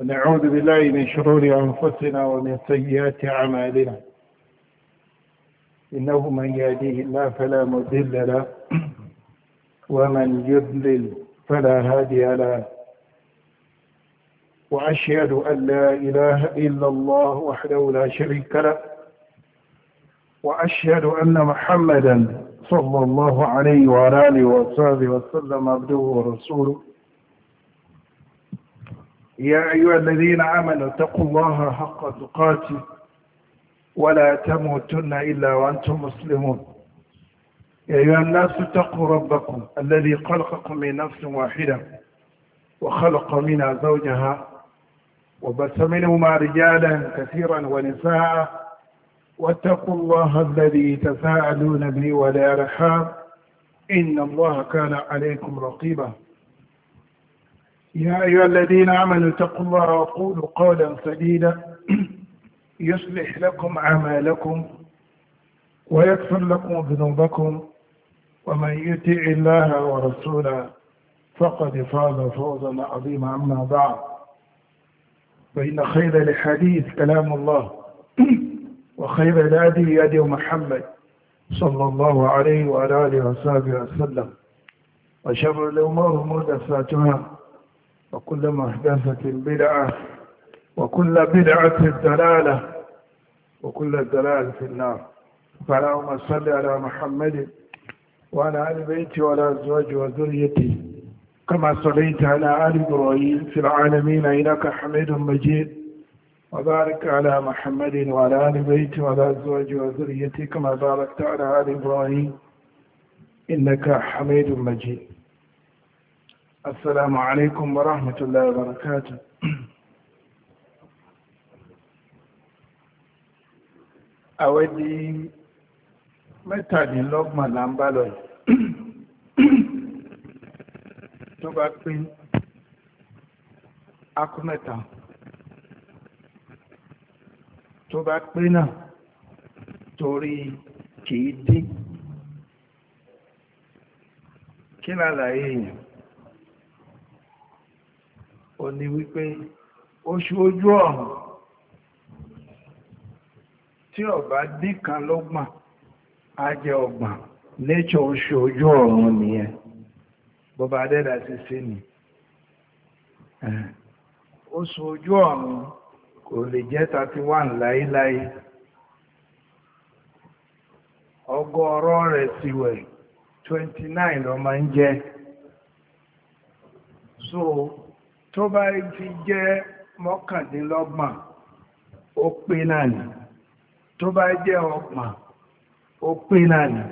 ونعوذ بالله من شرور أنفسنا ومن سيئات أعمالنا إنه من يهديه الله فلا مضل له ومن يضلل فلا هادي له وأشهد أن لا إله إلا الله وحده لا شريك له وأشهد أن محمدا صلى الله عليه وعلى آله وصحبه وسلم عبده ورسوله يا أيها الذين آمنوا اتقوا الله حق تقاته ولا تموتن إلا وأنتم مسلمون يا أيها الناس اتقوا ربكم الذي خلقكم من نفس واحدة وخلق منها زوجها وبث منهما رجالا كثيرا ونساء واتقوا الله الذي تساءلون به ولا رحام إن الله كان عليكم رقيبا يا أيها الذين آمنوا اتقوا الله وقولوا قولا سديدا يصلح لكم أعمالكم ويغفر لكم ذنوبكم ومن يطع الله ورسوله فقد فاز فوزا عظيما أما بعد فإن خير الحديث كلام الله وخير الهدي هدي محمد صلى الله عليه وعلى آله وصحبه وسلم وشر الأمور محدثاتها وكل محدثة بدعة وكل بدعة دلالة وكل دلالة في النار فاللهم صل على محمد وعلى آل بيته وعلى أزواجه وذريته كما صليت على آل إبراهيم في العالمين إنك حميد مجيد وبارك على محمد وعلى آل بيته وعلى أزواجه وذريته كما باركت على آل إبراهيم إنك حميد مجيد السلام عليكم ورحمة الله وبركاته àwẹ́dí mẹ́tàdínlọ́gbọ̀n là ń bá lọ yìí tó bá pé náà torí kìí ò ní wípé oṣù ojú ọ̀run tí ọba díkan lọ́gbọ̀n á jẹ ọgbọ̀n nature oṣù ojú ọ̀run nìyẹn bọba adẹ́dà ti ṣe ni oṣù ojú ọ̀run kò lè jẹ́ 31 láíláí ọgọ́rọ́ rẹ̀ ti wẹ̀ 29 ọmọ máa ń jẹ́ so tó bá ti jẹ́ mọ́kàndínlọ́gbọ̀n ó pé náà nì tó bá jẹ́ ọgbọ̀n ó pé náà nì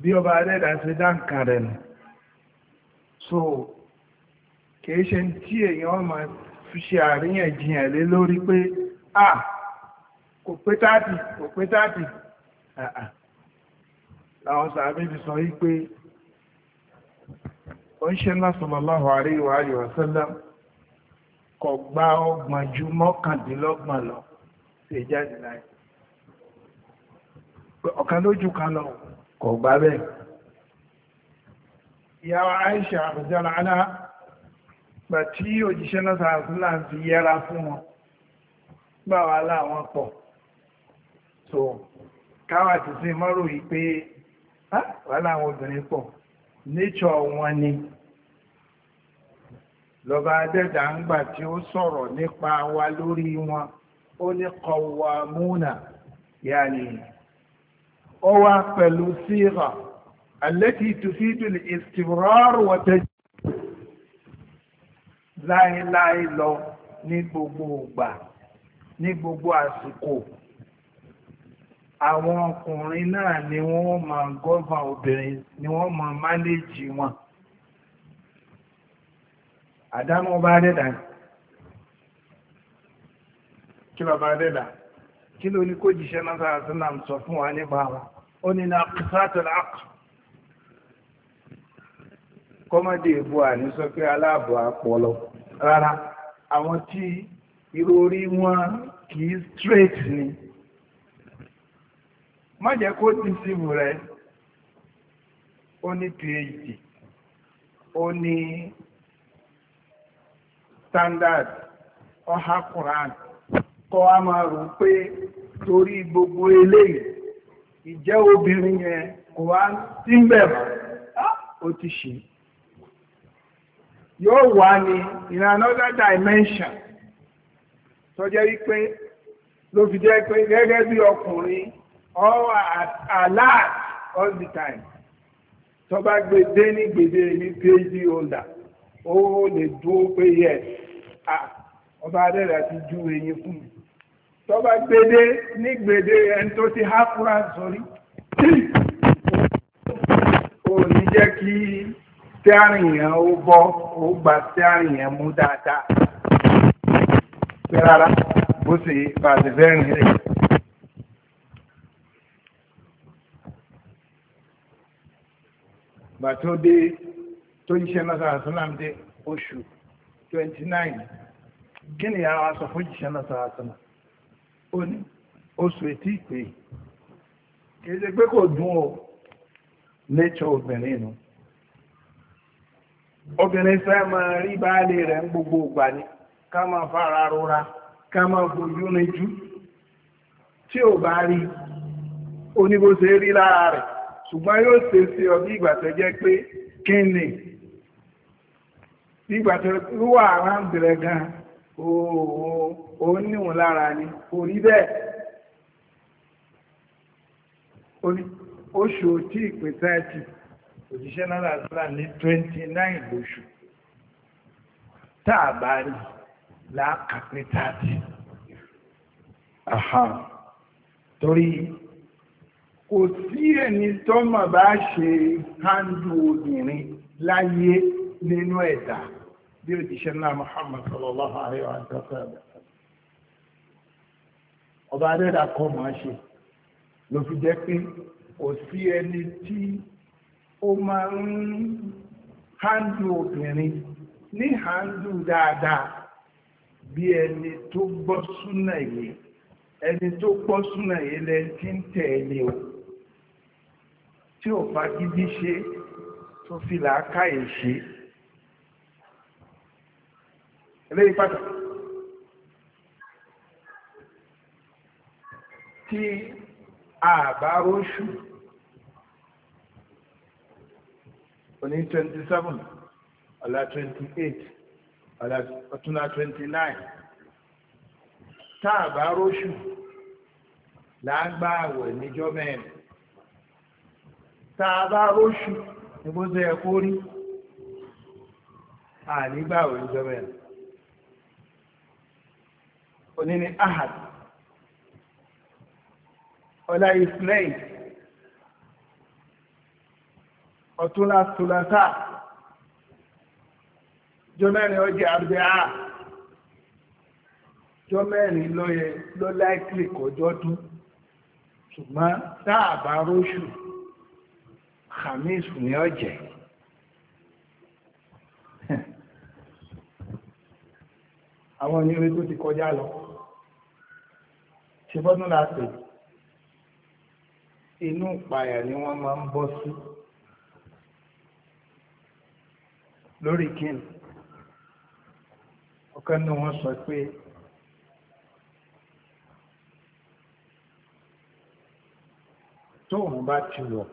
bí ọba adẹ́dà ti dáǹkà rẹ̀ nù so kìí ṣe tí èèyàn máa fi ṣe àríyànjiyàn lé lórí pé à kò pé táàtì kò pé táàtì àwọn sàbẹ̀bí sọ wípé oníṣẹ́ náà sallallahu alaihi wa alihi wa sallam kò gba ọgbọ̀n ju mọ́kàndínlọ́gbọ̀n lọ ṣe jáde láì ọ̀kan lójú kan lọ kò gbá bẹ́ẹ̀ ìyàwó Aisha àbújára aná gbà tí òjíṣẹ́ náà sàásílà ń fi yẹra fún wọn gbà wà láwọn pọ̀ so káwà ti sí mọ́rò yìí pé ah, wà láwọn obìnrin pọ̀ nature wọn ni lọ́ba adẹ́dà ń gbà tí ó sọ̀rọ̀ nípa wa lórí wọn ó ní kọwa múnà yàní ó wá pẹ̀lú síra alẹ́kì tufidul istimrar wọ́tẹ́ láéláé lọ ní gbogbo ìgbà ní gbogbo àsìkò àwọn ọkùnrin náà ni wọ́n máa gọ́và obìnrin ni wọ́n máa mánéjì wọn àdámọ́ bá dẹ́dà kí lọ bá dẹ́dà kí ló ní kó jíṣẹ́ náà sára sí náà sọ fún wa nípa wọn ó ní na kìsátọ̀lá kọ́mọ́dé ìbú àní sọ pé aláàbò àpọ̀lọ rárá àwọn tí irú orí wọn kìí straight ni mmadụ ekwe otu isi nwere onye phd onye standard ọha kwụrụ anụ kọwa ma rukpe tori igbo bụ ele ije obiri nye kụwa timbem otichi yo wani in another dimension tọjere ikpe lovide ekpe gege bi ọkụrụ all are alert all the time tó bá gbé dé ní gbèdé ní phd holder ó lè dúró pé yẹ ọba adẹ́rẹ́ àti ju eyín fún mi tó bá gbé dé ní gbèdé ẹni tó ti há fúra sórí ò ní jẹ́ kí tẹ́rìn yẹn ó bọ́ ó gba tẹ́rìn yẹn mú dáadáa pé rárá bó ṣe bàtẹ́ fẹ́ràn rẹ̀. gbà tó dé tó jíṣẹ́ náà sàrà sọ́làm dé oṣù 29 kí ni àwọn aṣọ fún jíṣẹ́ náà sàrà sọ́làm ó ní oṣù ètí ìpè kìí o pé kò dùn ó nature obìnrin nù obìnrin fẹ́ máa rí báálé rẹ̀ ń gbogbo fara rora ká máa fojú rinjú tí ò bá rí oníbóṣe rí lára rẹ̀ ṣùgbọ́n yóò ṣe sí ọ bí ìgbà tó jẹ́ pé kí ni bí ìgbà tó wà ráńbìrẹ̀ gan ó níwọ̀n lára ni kò rí bẹ́ẹ̀ oṣù tí ìpè 30 òjíṣẹ́ náírà sílá ní 29 lóṣù táà bá rí láàkà pé 30 torí kò sí ẹni tó mọ̀ bá ṣe handù obìnrin láyé nínú ẹ̀dá bí ó ti ṣe náà Muhammad sallallahu alayhi wa sallam ọba adẹ́dà kọ́ máa ṣe ló fi jẹ́ pé kò sí ẹni tí ó máa ń handù obìnrin ní handù dáadáa bí ẹni tó gbọ́ súnà yìí ẹni tó gbọ́ súnà yìí tí tí ò fagídí ṣe tó fi làákàyè ṣe eléyìí pàtàkì tí àbá róṣù oní 27 ọ̀la 28 ọ̀la ọ̀túnla 29 táàbá róṣù lágbàáwẹ̀ níjọ́ mẹ́rin tàbá róṣù ìgbóṣẹ́ ẹ̀kọ́ rí ànígbàwò ìjọba ẹ̀ òní ni ahad ọlá ismail ọ̀túnlá tùlátà jọmẹ́rin ọjẹ́ àbẹ́à jọmẹ́rin lọ́yẹ lọ́láìkìlì kọjọ́ tún ṣùgbọ́n táàbá róṣù khamis ní ọ̀jẹ̀ àwọn onírúurú tó ti kọjá lọ ṣe bọ́dún láti inú ìpayà ni wọ́n máa ń bọ́ sí lórí kíni ọ̀kan ní wọ́n sọ pé tóun bá ti wọ̀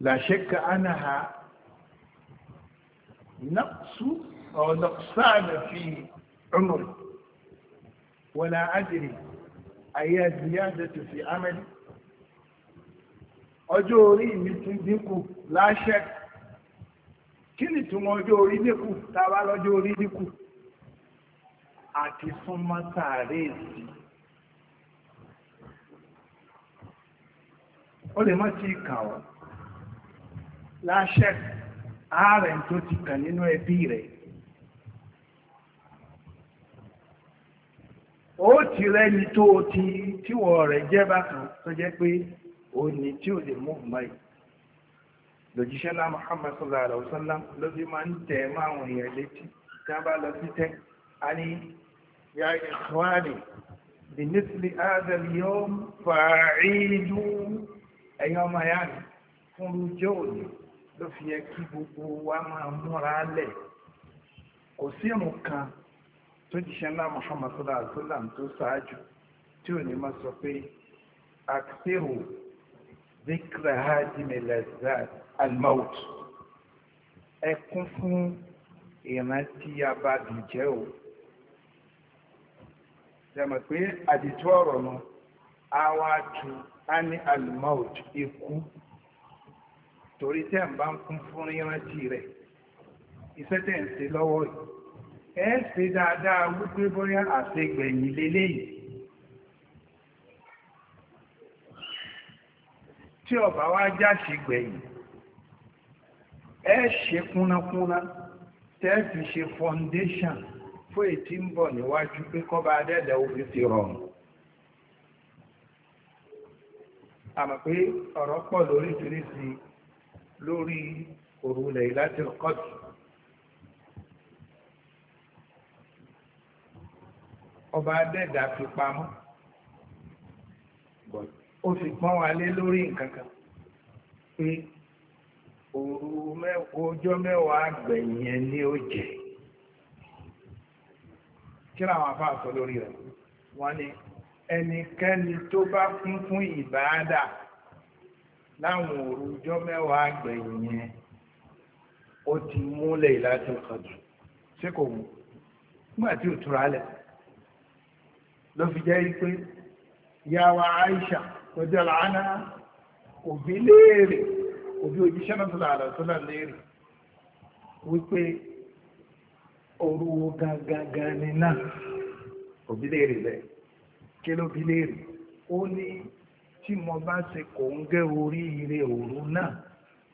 لا شك أنها نقص أو نقصان في عمري ولا أدري أي زيادة في عملي ọjọ́ orí mi tún dínkù láṣẹ kí ọjọ́ orí dínkù tàbá lọ́jọ́ orí dínkù àti súnmọ́ sàárè ó lè má ti láṣẹ ààrẹ tó ti kàn nínú ẹbí rẹ̀ ó ti rẹ́ni tó ti tíwọ̀ rẹ̀ jẹ́ bákan tó jẹ́ pé ó ní tí ò lè mú báyìí lòjíṣẹ́ náà Muhammad sallallahu alaihi wasallam ló fi máa ń tẹ̀ máwọn èèyàn létí tí lọ sí tẹ́ a ní ya ikhwani binisli adal yawm fa'idu ẹ̀yọ́ mayani fún rújọ́ òní ló fi yẹ kí gbogbo wa máa múra lẹ̀ kò sí ìrun kan tó jíṣẹ́ ńlá Muhammad sallallahu alaihi wasallam tó ṣáájú tí ò ní máa sọ pé àkṣẹ́rò zikra hajjimilazad almaut ẹ kún fún ìrántí abadùjẹ́ o jẹ́mọ̀ pé àdìtú ọ̀rọ̀ náà a wá tu a ní almaut ikú torí tẹ́ ń bá ń kún fún ìrántí rẹ̀ iṣẹ́ tẹ́ ń ṣe lọ́wọ́ yìí ẹ ṣe dáadáa wípé bóyá àṣegbẹ̀yìn lélẹ́yìn tí ọba wa jáṣe gbẹ̀yìn ẹ ṣe kúnnákúnná tẹ́ fi ṣe foundation fún ètí ń bọ̀ níwájú pé kọ́ba adẹ́dẹ̀ òfin ti rọrùn àmọ́ pé ọ̀rọ̀ pọ̀ lóríṣiríṣi lórí òru Laylatul Qadr. ọba adẹ́dà fi pamọ́ ó fi pọ́n wa lé lórí nǹkan kan pé òru ọjọ́ mẹ́wàá gbẹ̀yìn ni ó jẹ́ kí làwọn afá sọ lórí rẹ̀ wọ́n ní ẹnikẹ́ni tó bá kún fún ìbáadà láwọn òru ọjọ́ mẹ́wàá gbẹ̀yìn yẹn ó ti múlẹ̀ láti ọ̀kadù ṣé kò mú nígbà tí ò túra lẹ̀ ló fi jẹ́ pé yàwá Aisha lọ́jọ́ làánà òbí léèrè òbí òjíṣẹ́ náà tó làálọ̀ tó là léèrè wípé òru gangan ni náà òbí léèrè bẹ́ẹ̀ kí ló bí léèrè ó ní tí mo bá ṣe kò ń gé oríire òru náà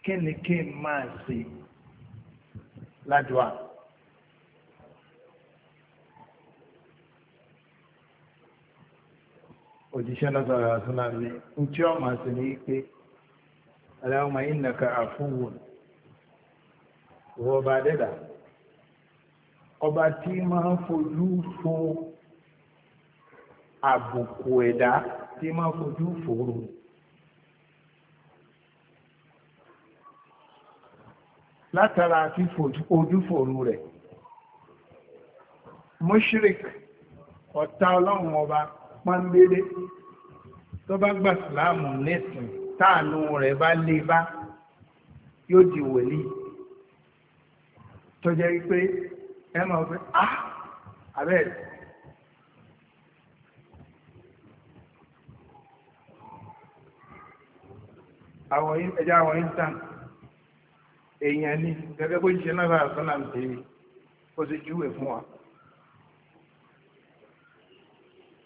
kí ni kí n máa ṣe ládùá. òjíṣẹ́ lọ́sọ̀rọ̀ àtúnlá mi ń tí ó máa ṣe ní pé aláwọ̀mọ̀ ìnàkà àfúnwò wọ́n bá dẹ́dà ọba tí máa ń fojú fo àbùkù ẹ̀dá tí máa fojú fòrò látara àti ojú fòrò rẹ̀ mushrik ọ̀tá ọlọ́run ọba pọ́nbélé tó bá gbà síláàmù nísìn táànù rẹ̀ bá lè bá yóò di wòlíì tó jẹ́ wípé ẹ máa fẹ́ ah abẹ́rẹ́ ẹja àwọn instant èèyàn ni gẹ́gẹ́ bó ṣe náà sára sọ́nà ṣe ó ti júwèé fún wa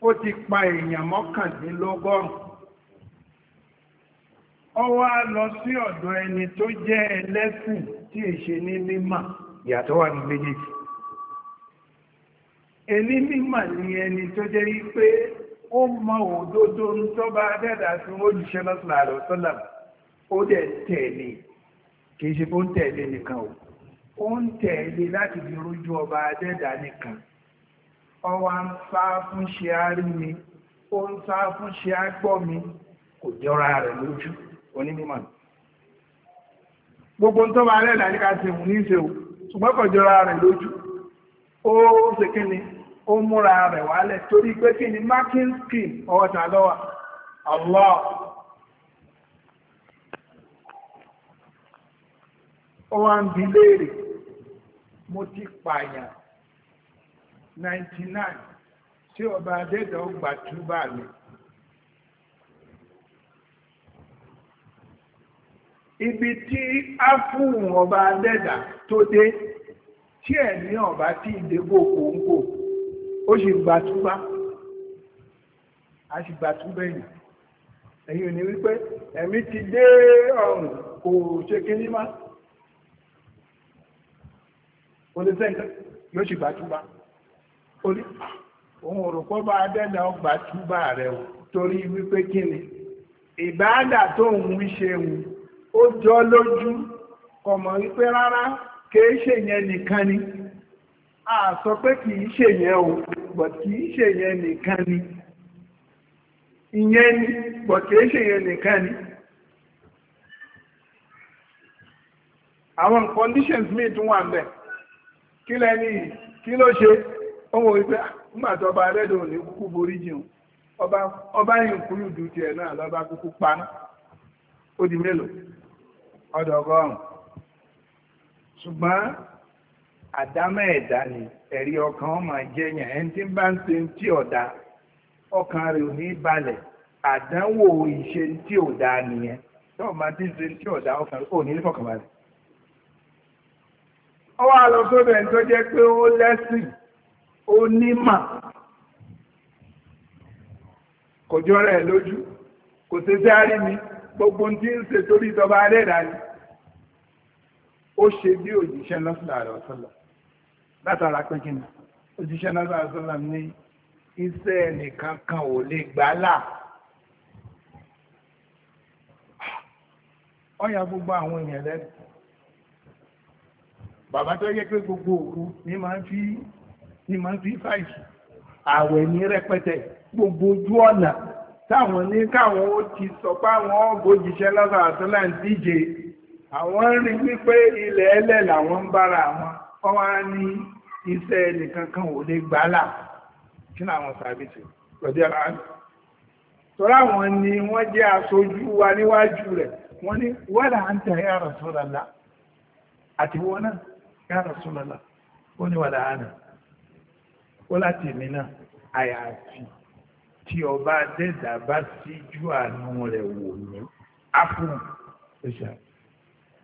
ó ti pa èèyàn mọ́kàndínlọ́gọ́rùn ó wá lọ sí ọ̀dọ̀ ẹni tó jẹ́ ẹlẹ́sìn tí èṣe ní mímọ̀ ìyàtọ̀ wà ní méjèèjì ẹni mímọ̀ ni ẹni tó jẹ́ wípé ó mọ òdodo ń tọ́ dẹ́dà sí olùṣẹ́lọ́sọ̀lá ó dẹ̀ tẹ̀lé kìí ṣe fún tẹ̀lé nìkan o ó ń tẹ̀lé láti fi ọba adẹ́dà nìkan ọwá ń sá fún ṣe mi ó ń sá fún ṣe mi kò jọra rẹ̀ lójú onímọ̀ gbogbo tó bá alẹ́ láti ká ṣe ní ṣe o ṣùgbọ́n kò jọra rẹ̀ lójú ó ṣe kí ni ó múra rẹ̀ torí pé kí ni marking ọwọ́ ó wá ń bi léèrè mo ti pààyàn 99 tí ọba adẹ́dọ̀ gbà túbà mi ibi tí a fún ọba adẹ́dà tó dé tí ẹ̀mí ọba tí ìdégò kòńkò ó sì gbà túbà a sì gbà túbà ẹ̀yìn ẹ̀yìn ò ní wípé ẹ̀mí ti dé ọ̀run kò ṣe kí máa olùsẹ́ǹkà yóò ṣe gbàtúbà orí òun òrùkọ́ bá dẹ́dà ọgbà túbà rẹ̀ torí wípé kí ni ìbáàdà tó ń ṣe wù ó jọ lójú kọmọ wípé rárá kìí ṣe yẹn nìkan ni a sọ pé kìí ṣe yẹn o but kìí ṣe yẹn nìkan ni ìyẹn ni but kìí ṣe yẹn nìkan ni. àwọn conditions míì tún wà kí lẹ́ni kí ló ṣe ohun ah, ìgbẹ́ nígbàtí ọba rẹ́dọ̀ ní kúkú borí jìun ọba yìí kúrú dù tiẹ̀ náà lọ́ba kúkú paná ó di mélòó ọdọ̀ ṣùgbọ́n ni ẹ̀rí ọmọ àdánwò ìṣe tí ò dáa nìyẹn tí ó wá lọ sóbẹ̀ tó jẹ́ pé ó lẹ́sìn ó nímà kò jọ rẹ̀ lójú kò ṣe sí àrí mi gbogbo tí ń ṣe torí ìjọba arẹ́dà ni ó ṣe bí òjíṣẹ́ lọ́sọ̀lá rẹ̀ ọ̀sọ̀lá látara pé kí ni òjíṣẹ́ lọ́sọ̀lá rẹ̀ ọ̀sọ̀lá ní iṣẹ́ nìkan kan ò lè gbà là ọ̀yà gbogbo àwọn èèyàn lẹ́nu bàbá tó yẹ pé gbogbo òru ní máa ń fi ní máa ń fi fáìsì àwẹ̀ ní rẹpẹtẹ gbogbo ojú ọ̀nà táwọn ní káwọn ó ti sọ pé àwọn ọgójìṣẹ́ lọ́sàn àtúnlá ń díje àwọn ń rí wípé ilẹ̀ ẹlẹ̀ làwọn ń bára àwọn ọwọ́ á ní iṣẹ́ ẹnìkan kan ò lè gbálà kí làwọn sàbìtì lọ́dí ara rẹ̀ tọ́lá wọn ni wọ́n jẹ́ aṣojú wa níwájú rẹ̀ wọ́n ní wọ́n là ń tẹ̀yà rẹ̀ sọ́dọ̀ la àti náà ya Rasulullah ó ní wàlá àná ó láti èmi náà àyàfi tí ọba dẹ́dà bá síjú àánú rẹ̀ wò mí áfún ẹ̀ṣà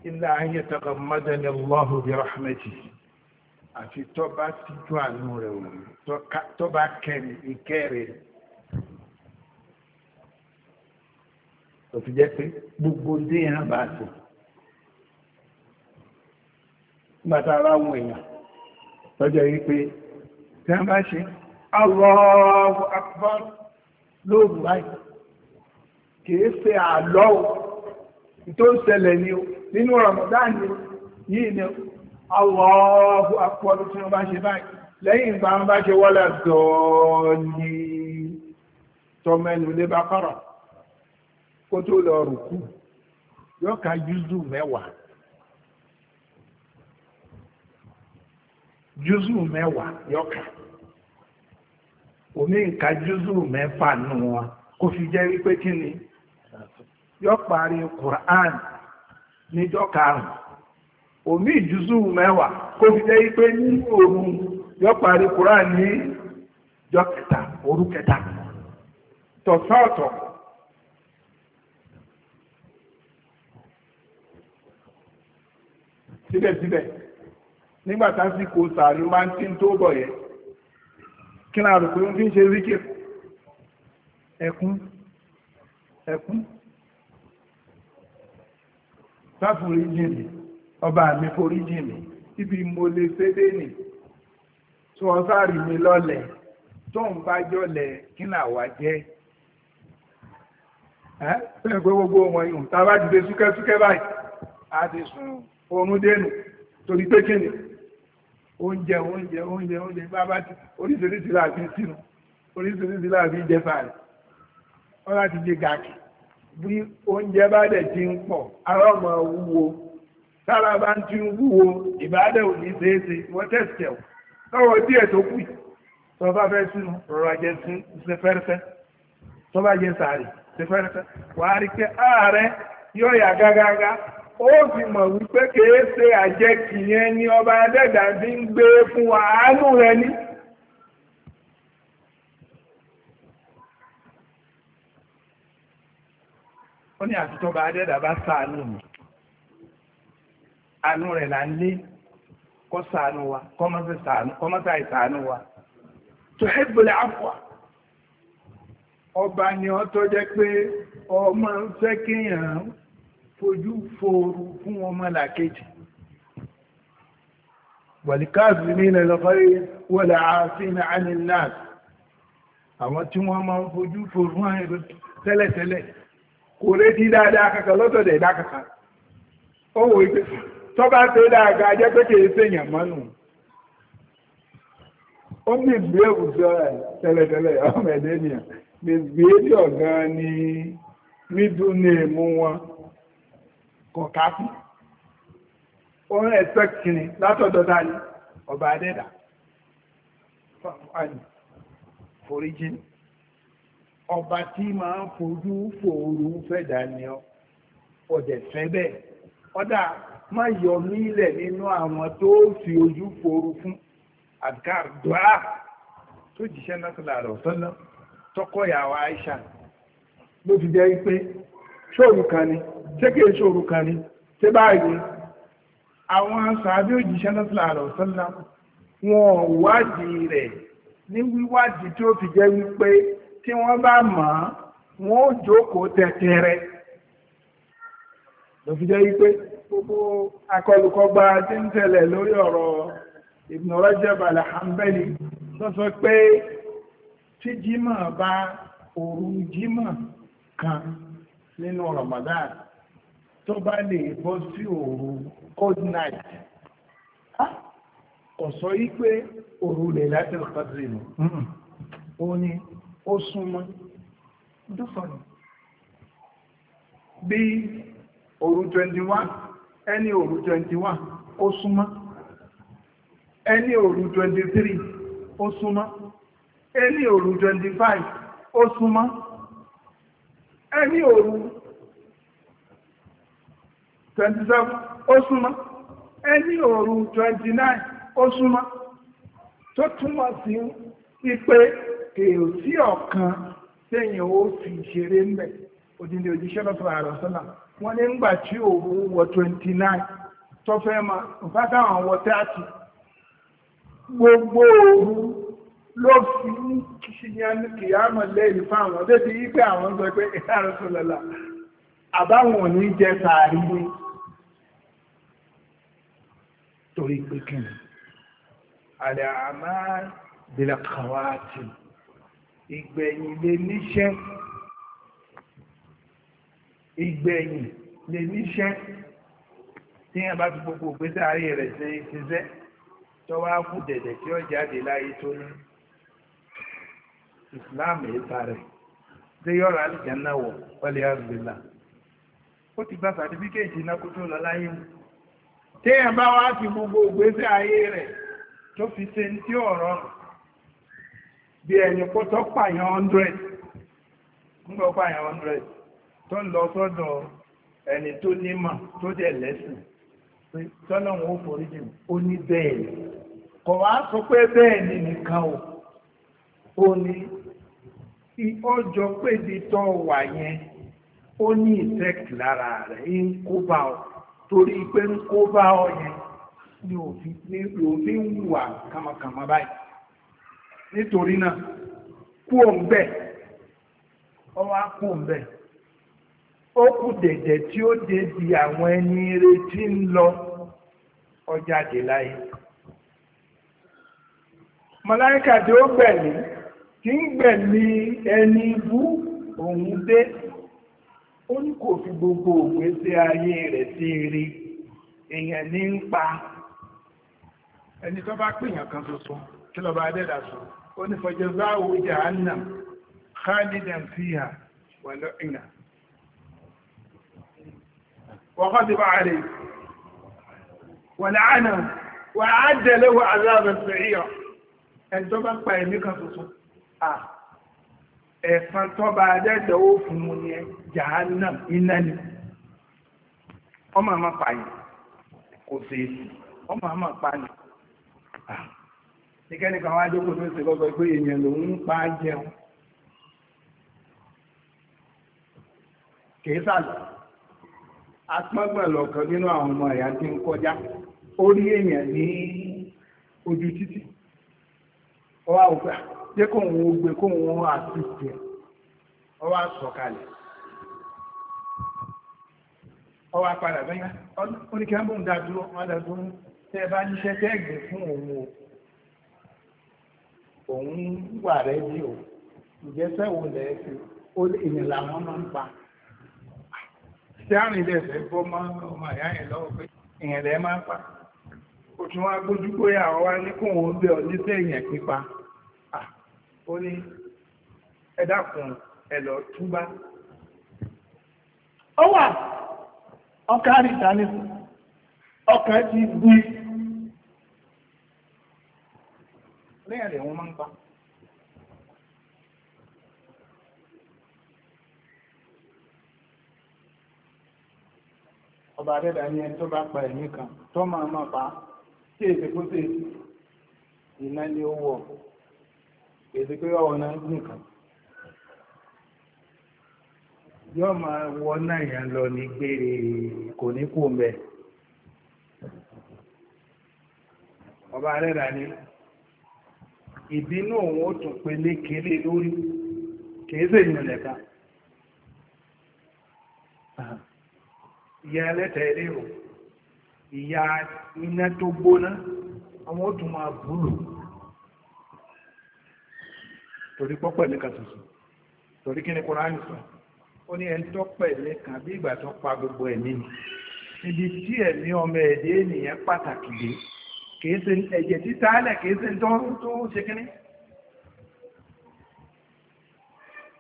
ilá ayé tọ́ka mọ́dẹ́ni lọ́hùn bí rahmeti àfi tọ́ba síjú àánú rẹ̀ wò mí tọ́ba kẹ́mi ìkẹ́rẹ̀ òfin jẹ́ pé gbogbo déyàn bá sọ gbàtà ara àwọn èèyàn tọ́jọ́ yìí pé tí wọ́n bá ṣe Allahu Akbar lóòrùn báyìí kìí ṣe àlọ́ o tó ń ṣẹlẹ̀ ni o nínú Ramadan ni yìí ni Allahu Akbar tí wọ́n bá ṣe báyìí lẹ́yìn ìgbà wọn bá ṣe wọ́lá dọ́ọ̀lì júzù mẹ́wàá yọkà omi nka jùzù mẹ́fà nù wọn kò fi jẹ́ wípé kí ni yọ parí Quran níjọ́ karùn-ún omi jùzù mẹ́wàá kò fi jẹ́ wípé nínú òru yọ Quran ní jọ́ kẹta òru kẹta tọ̀tọ̀ọ̀tọ̀. síbẹ̀síbẹ̀ nígbà tásìkò sàárì máa ń tí ń tó bọ̀ yẹ kí náà rò pé ó fi ń ṣe zikir ẹkún ẹkún sáfùrí jìnì ọba mi forí jìnì ibi mo lè sédé nì tí wọ́n sáàrì mi lọ́lẹ̀ tó ń bá jọ́lẹ̀ kí náà wá jẹ́ ẹ́ pé gbogbo wọn yìí tá a bá dìde súkẹ́súkẹ́ báyìí a ti oorun dénú torí pé kí ni oúnjẹ oúnjẹ oúnjẹ oúnjẹ bábá ti oríṣiríṣi láti sínú oríṣiríṣi láti jẹ fàárẹ̀ wọ́n láti jẹ gàkì bí oúnjẹ bá dẹ̀ ti ń pọ̀ ara ọmọ wúwo tára bá ń ti ń wúwo ìbádẹ́ ò ní ṣeéṣe wọ́n tẹ̀sítẹ̀ ò lọ́wọ́ díẹ̀ tó kù tó bá fẹ́ sínú rọra jẹ sí fẹ́rẹ́fẹ́ tó bá jẹ sàárẹ̀ sí fẹ́rẹ́fẹ́ wàá rí pé ààrẹ yóò yà gágágá ó fi mọ̀ wípé kìí ṣe àjẹkì ni ọba adẹ́dà ti ń gbé fún àánú rẹ ní. ó ní àtúntọ́ba ọba bá ṣàánú mi àánú rẹ̀ là ń lé kó ṣàánú wa kọ́mọ́sá wa tó ọba ni ọ tó pé ọmọ ń fojú fòrò fún ọmọ làkejì wàlìkáàzì ní ilẹ̀ lọ́fẹ́rí wọ́lẹ̀ àásínà anilas àwọn tí wọ́n máa ń fojú fòrò fún àìrò tẹ́lẹ̀tẹ́lẹ̀ kò rẹ́ tí dáadáa kàkà lọ́tọ̀dẹ̀ dákàkà ó wò ìpè tọ́bá tó dáadáa jẹ́ pé kèé sèyàn mọ́nù ni mídùn wọn kọ̀ọ̀kákù òun expect kìnnì látọ̀dọ̀ dání ọba adẹ́dà foríjì ọba tí máa ń fojú fòoru fẹ̀dà ni ọ ọ̀dẹ̀ fẹ́ bẹ́ẹ̀ ọ̀dà má yọ mí lẹ̀ nínú àwọn tó fi ojú fòoru fún adkar dua tó jíṣẹ́ lásìlá rẹ̀ tọkọ ìyàwó Aisha ló fi jẹ́ pé ṣóòrù kan ni ṣé kìí ṣe òrukàn ni ṣé báyìí àwọn sàábí òjíṣẹ́ náà sílẹ̀ ọ̀sánlá wọn ò wádìí rẹ̀ ní wíwádìí tí ó fi jẹ́ wípé tí wọ́n bá mọ̀ ọ́ wọn ò jókòó tẹ̀tẹ̀rẹ̀ ló fi jẹ́ wípé gbogbo akọlùkọgba tí ń tẹ̀lẹ̀ lórí ọ̀rọ̀ Ibn Rajab al sọ pé tí jímọ̀ bá òru jímọ̀ kan nínú Ramadan tó bá lè bọ́ sí òru cold night kò sọ yí pé òru lè láti lọ́pàdé nù ó ní ó súnmọ́ dúfọ̀nù bí òru 21 ẹni òru 21 ó súnmọ́ ẹni òru 23 ó súnmọ́ ẹni òru 25 ó súnmọ́ ẹni òru 27 Osuma ẹni ọrụ 29 Osuma tó túmọ̀ sí wípé èrò sí ọ̀kan téèyàn ó fi ṣeré ń bẹ̀ òdìdí òjíṣẹ́ lọ́sọ̀ àrọ̀sọ́nà wọ́n ní ńgbà tí òru wọ 29 tó fẹ́ máa wọ 30 gbogbo ló fi ń lẹ́yìn fáwọn àwọn sọ pé àbáwọn ò torí pé kí ni àlẹ́ àmá bìlàkàwà àti ìgbẹ̀yìn lè níṣẹ́ ìgbẹ̀yìn lè níṣẹ́ tí wọ́n bá fi gbogbo ògbésẹ̀ àárín rẹ̀ ṣe ṣiṣẹ́ tó wá kú dẹ̀dẹ̀ tí ó jáde láyé tó ní Islam ìta rẹ̀ tí yọ́ra alìjẹ́ náà wọ̀ pẹ̀lú àrùbílà ó ti bá sàtífíkèètì náà kó tó lọ láyé mu téèyàn bá wá fi gbogbo ìgbésẹ̀ ayé rẹ̀ tó fi se tí ọ̀rọ̀ bí ẹni kó 100 ńgbọ́ 100 tó lọ sọ́dọ̀ ẹni tó nímọ̀ tó dẹ̀ lẹ́sìn tọ́lọ́run forí jù ó ní bẹ́ẹ̀ ni i wá sọ pé bẹ́ẹ̀ ni o ó ní ọjọ́ pé ibi tó wà yẹn torí pé ń kó bá ọ yẹn ni òfin ń wà kàmàkàmà báyìí nítorí náà kú òǹbẹ̀ ọwá kú bẹ̀ ó kù dẹ̀dẹ̀ tí ó dé di àwọn ẹni retí ń lọ ọjà dè láyé màláíkà tí ó gbẹ̀mí kí ń gbẹ̀mí ẹni bú òun dé ó ní kò fi gbogbo ògbésí ayé rẹ̀ sí rí èèyàn ní ń pa ẹni tó bá pèèyàn kan ṣoṣo kí lọ bá dẹ́dà sọ ó ní fọjọ́ záwò jahannam khalidan fiha wà lọ́ìnà wọ́kọ́ ti bá rẹ̀ wà láàánà wà á dẹ̀lé wà azáàbẹ̀ fẹ̀yọ̀ ẹni tó bá pa ẹ̀mí kan ṣoṣo ẹ̀sán tó bá dẹ́dà ó fún mu ni ẹni jahannam iná ni ọmọ àmà pààyàn kò sí ọmọ àmà pààyàn nìkẹ́nìkan wá jókòó tó ṣe lọ́sọ pé èèyàn lòun ń pa jẹun kìí sàlọ̀ apọ́gbọ̀lọ̀ kan nínú àwọn ọmọ ẹ̀yà ti ń kọjá ó rí èèyàn ní ojú títì ọwá òfà jẹ́ kóhun ó gbé kóhun ó àti ọwọ́ apàdà bẹ́yà oníkẹ́ bó ń dádúró wọ́n dádúró tẹ́ bá níṣẹ́ tẹ́ gbé fún òun o òun wà rẹ̀ bí o ìjẹ́sẹ́ wo lẹ̀ fi ó èèyàn làwọn máa ń pa sẹ́rìn ilẹ̀ ẹ̀fẹ́ bọ́ mọ́ ọmọ ìyá yẹn lọ́wọ́ pé èèyàn rẹ̀ máa ń pa ó tún wá gbójú bóyá ọwá ní kó òun bẹ́ ọ ní sẹ́yìn pípa ó ní ẹ dákun ẹ lọ túbá ó Ọ ìdánisì ọkà ti gbé lẹ́ẹ̀rẹ̀ ọba adẹ́dà ní ẹni tó bá pa ẹ̀mí kan tó máa máa pa tí èsì kó sí ìná ní ọwụwa na yóò máa wọ náà yẹn lọ ní gbére kò ní kú mbẹ ọba rẹ̀rà ni ìbínú òun ó tún pele kele lórí kìí sèyìn lẹ́ka ìyá ẹlẹ́tẹ̀ ilé o ìyá iná tó gbóná àwọn ó tún máa búlù torí pọ́pẹ́ ní kàtùsù torí kí ni Kùránì sọ ó ní ẹni tó pẹ̀lẹ́ kan bí ìgbà tó pa gbogbo ẹ̀mí ni ibi tí ẹ̀mí ọmọ ẹ̀dẹ́ ènìyàn pàtàkì dé kìí ṣe ẹ̀jẹ̀ títà alẹ̀ kìí ṣe tó tó ṣe kíní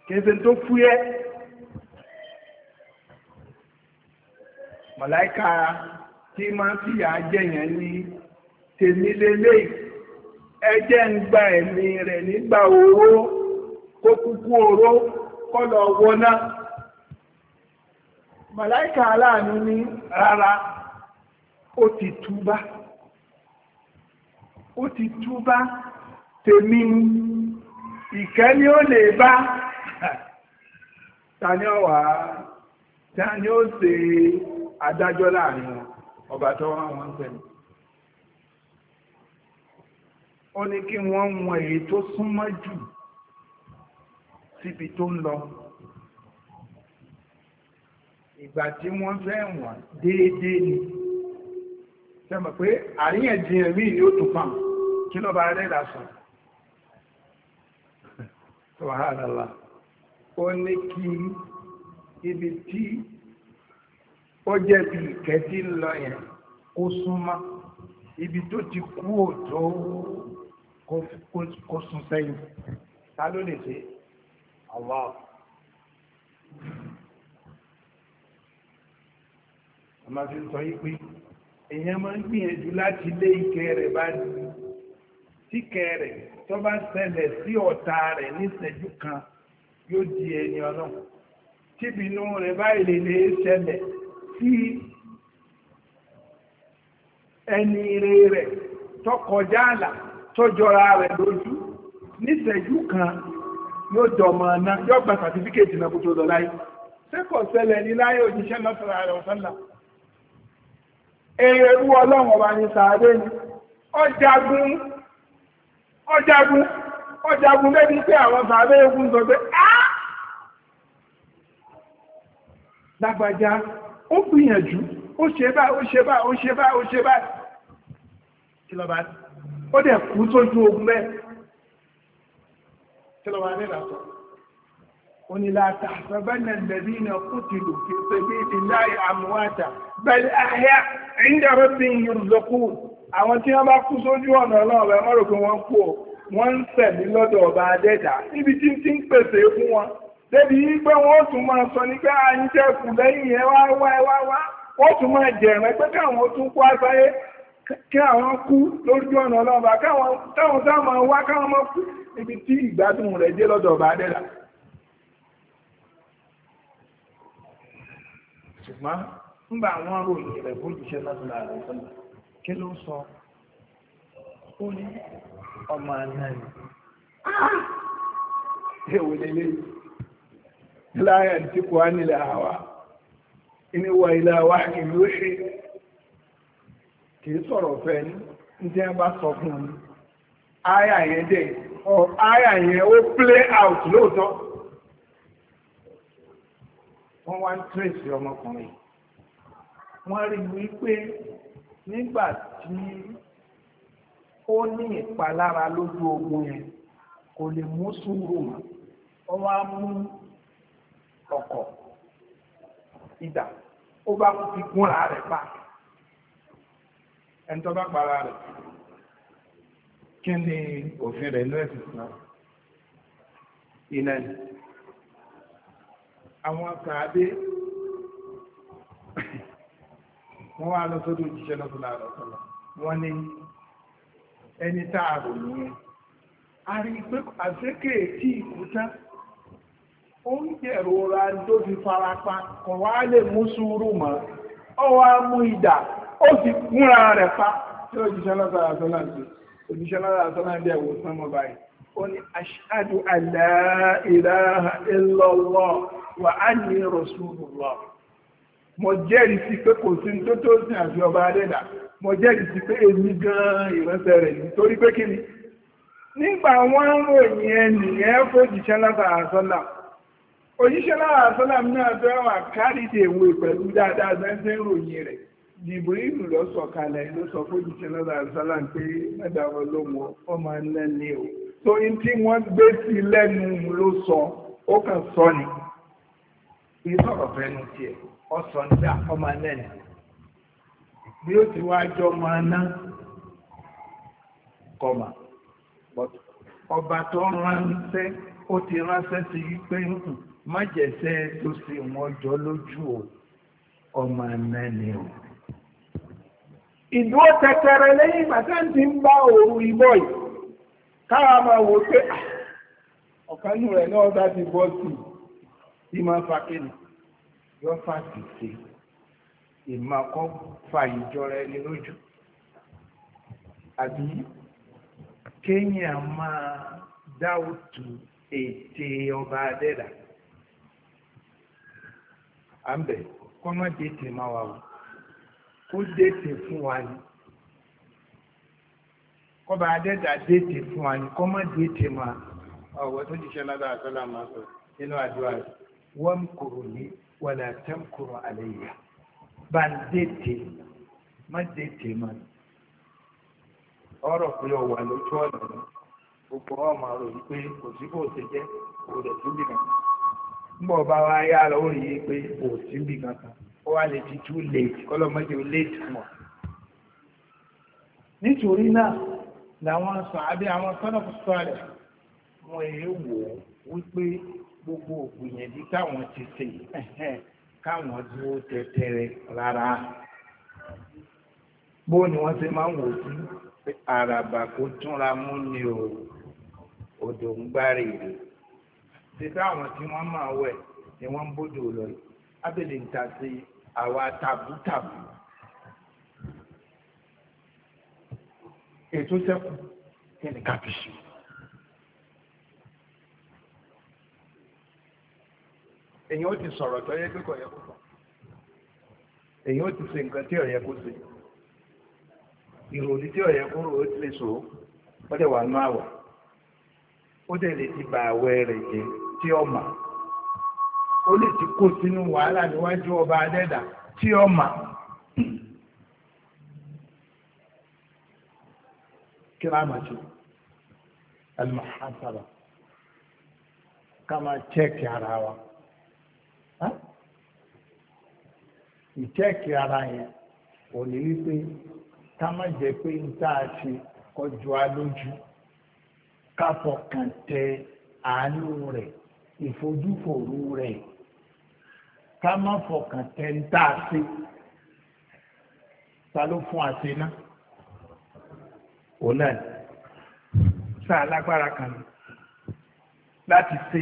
kìí ṣe tó fúyẹ́ mọ̀láìka tí máa ń fìyà jẹ̀yàn ní tèmi lélẹ́yìí ẹjẹ́ ń gba ẹ̀mí rẹ̀ nígbà oró kó kúkú oró kọ́ lọ màláìkà aláàánú ní rárá ó ti túbá ó ti túbá tèmi ìkẹ́ ni ó lè bá tani ọwà tani ó ṣe adájọ́ láàrin ọba tó wá wọn tẹ̀lé ó ní kí wọ́n mọ èyí tó súnmọ́ jù síbi tó ń lọ ìgbà tí wọ́n fẹ́ wọ̀n déédéé ni sẹ́mọ̀ pé àríyànjiyàn míì ni ó tún fàm kí lọ́ba rẹ́dà sọ wàhálàlà ó ní kí ibi tí ó jẹ́ bí ìkẹ́ tí ń lọ yẹn kó súnmọ́ ibi tó ti kú òtó kó sún sẹ́yìn ta ló lè ṣe àwọn a máa fi ń sọ yìí pé èèyàn máa ń gbìyànjú láti lé ìkẹ́ rẹ̀ bá ní tíkẹ́ rẹ̀ tó bá ṣẹlẹ̀ sí ọ̀tá rẹ̀ níṣẹ́jú kan yóò di ẹni ọlọ́run tíbinú rẹ̀ báyìí lè lè ṣẹlẹ̀ sí ẹni rẹ̀ rẹ̀ tó kọjá àlà tó jọra rẹ̀ lójú níṣẹ́jú kan yóò dọmọ náà yóò gba sàtífíkèètì náà kó tó lọ láyé sẹ́kọ̀ọ́ ṣẹlẹ̀ ní láyé òjíṣẹ́ náà sọ̀rọ̀ àrẹ̀ ọ̀sán náà ẹ̀rẹ̀rú ọlọ́run ọba ní sàárẹ́ ni ọjagun ọjagun ọjagun lẹ́bí pé àwọn sàárẹ́ egun sọ pé áá lágbàjá ó gbìyànjú ó ṣe bá ó ṣe bá ó ṣe bá ó ṣe bá kìlọ̀bá ó dẹ̀ kú sójú ogun bẹ́ẹ̀ kìlọ̀bá nílàtọ̀ oni la tahsabanna alladhina qutilu fi sabilillahi amwata bal ahya 'inda rabbihim yurzaqun àwọn tí wọ́n bá kú sójú ọ̀nà Ọlọ́run ẹ má pé wọ́n kú o wọ́n ń sẹ̀mí lọ́dọ̀ ọba adẹ́dà níbi tí tí ń pèsè fún wọn débi pé wọ́n tún máa sọ ní pé à ń jẹ́kù lẹ́yìn ẹ wá wá ẹ wá wá wọ́n tún máa jẹ̀rẹ̀ pé káwọn tún kú àsáyé kí àwọn kú lójú ọ̀nà Ọlọ́run táwọn táwọn wá káwọn mọ́ kú níbi tí ìgbádùn rẹ̀ dé lọ́dọ̀ ọba adẹ́dà ṣùgbọ́n nígbà àwọn ròyìn rẹ̀ bójúṣẹ́ lọ́dúnlá rẹ̀ sọ́nà kí ló sọ ó ní ọmọ náà ni ah! èwò lélé láyé tí kò á nílẹ̀ àwà inú wa ilẹ̀ àwà ìlú ṣe kìí sọ̀rọ̀ fẹ́ ní tí wọ́n bá sọ fún un áyà yẹn dẹ̀ áyà yẹn ó play out lóòótọ́ wọ́n wá ń tírèsì ọmọkùnrin wọ́n rí wípé nígbà tí ó ní ìpalára lójú ogun yẹn kò lè mú sùúrù mọ́ ó wá mú ọkọ̀ ìdà ó bá fi gúnra rẹ̀ pa ẹni tó bá para rẹ̀ kí ni òfin rẹ̀ lọ́ẹ̀sì náà ìnáyìí àwọn sàádé wọ́n wá lọ sódò òjíṣẹ́ lọ́sọ̀lá àlọ́sọ̀lá wọ́n ní ẹni táàrò nìyẹn a rí i pé àṣekèé tí ìkú tán oúnjẹ ìrora ló fi farapa kàn wá lè mú sùúrù mọ́ ọ wá mú ìdà ó sì múra rẹ̀ pa tí òjíṣẹ́ lọ́sàrà sọ́lá ń òjíṣẹ́ lọ́sàrà sọ́lá wà á ní Rasulullah mo jẹ́rìí sí pé kò sí tó tó sìn àti ọba adẹ́dà mo jẹ́rìí sí pé èmi gan-an ìránṣẹ́ rẹ̀ nítorí pé kí ni nígbà wọ́n ń ròyìn ẹnìyàn fòjìṣẹ́ látara sọ́là òjíṣẹ́ lára sọ́là náà fẹ́ wà káríde ìwé pẹ̀lú dáadáa bẹ́ńsẹ̀ ń ròyìn rẹ̀ dìbò ìlú lọ sọ kalẹ̀ ló sọ fòjìṣẹ́ látara sọ́là pé mẹ́ta wọn ló mọ ọmọ lẹ́ni o torí tí wọ́n gbé sí lẹ́nu ló sọ ó kàn sọ ni. kì í sọ̀rọ̀ tiẹ̀ ọ̀sọ̀ ní àkọ́mọ lẹ́nu bí ó ti wá jọ máa ná kọ̀mà ọba tó ránṣẹ́ ó ti ránṣẹ́ sí wípé hmm, májẹ̀sẹ́ tó sì wọ́n jọ lójú o ọmọ mẹ́ni o. ìdúró tẹtẹrẹ lẹ́yìn ìgbà ń bá òru ìbọ̀ yìí káwa máa wò pé ah, ọ̀kanú rẹ̀ náà bá ti bọ́ sí i. tí máa fa kéde yóò fa tètè ìmọ̀ kọ́ fa ìjọra ẹni lójú àbí kéèyàn máa dáwùtù ète ọba adẹ́dà à ń bẹ̀ kọ́ má dètè máa wà wò kó dètè fún wa ni kọba adẹ́dà dètè fún wa ni kọ́ má dètè máa ọ̀wọ́ tó ti ṣe lábẹ́ àtọ́lá máa sọ nínú àdúrà rẹ̀. wamkuru li wala tamkuru alayya bá ń dètè má wà lójú ọ̀nà ni gbogbo ọmọ rò yí pé kò sí bó ṣe jẹ́ kò rẹ̀ síbi kankan nígbà ọba wa yá lọ ó ti too late kọ́lọ́mọdé ó late mọ̀ nítorí náà làwọn sọ àbí àwọn sọ́nà fúnfún rẹ̀ wọ́n èé wò gbogbo ògbìyànjú táwọn ti ṣe káwọn dúró tẹ̀tẹ̀rẹ̀ rárá bó ni wọ́n ṣe máa ń wò sí àràbà kó túnra mú ni o odò ń gbáre rè ṣe táwọn tí wọ́n máa wẹ̀ ni wọ́n ń bódò lọ yìí abẹ́lẹ̀ ń sí àwa tàbútàbù ètò sẹ́kù kí ni ká fi ṣe. èyàn ó ti sọ̀rọ̀ tó yẹ kíkọ̀ yẹ sọ ó ti se nǹkan tí ó yẹ kó ìròyìn tí ó rò ó ti lè sọ ó dẹ̀ wà nú àwọ̀ ó dẹ̀ lè ti bà àwẹ̀ rẹ̀ tí ọ mà ó lè ti kó sínú wàhálà níwájú ọba ìtẹ́ẹ̀kì ara yẹn ò ní wípé ká má jẹ́ pé ń tá a ṣe kọjú alójú ká fọkàn tẹ àánú rẹ̀ ìfojúfòrú rẹ̀ ká má fọkàn tẹ ń tá a ṣe ta ló fún àṣẹ náà òun náà sáà lágbára kan láti ṣe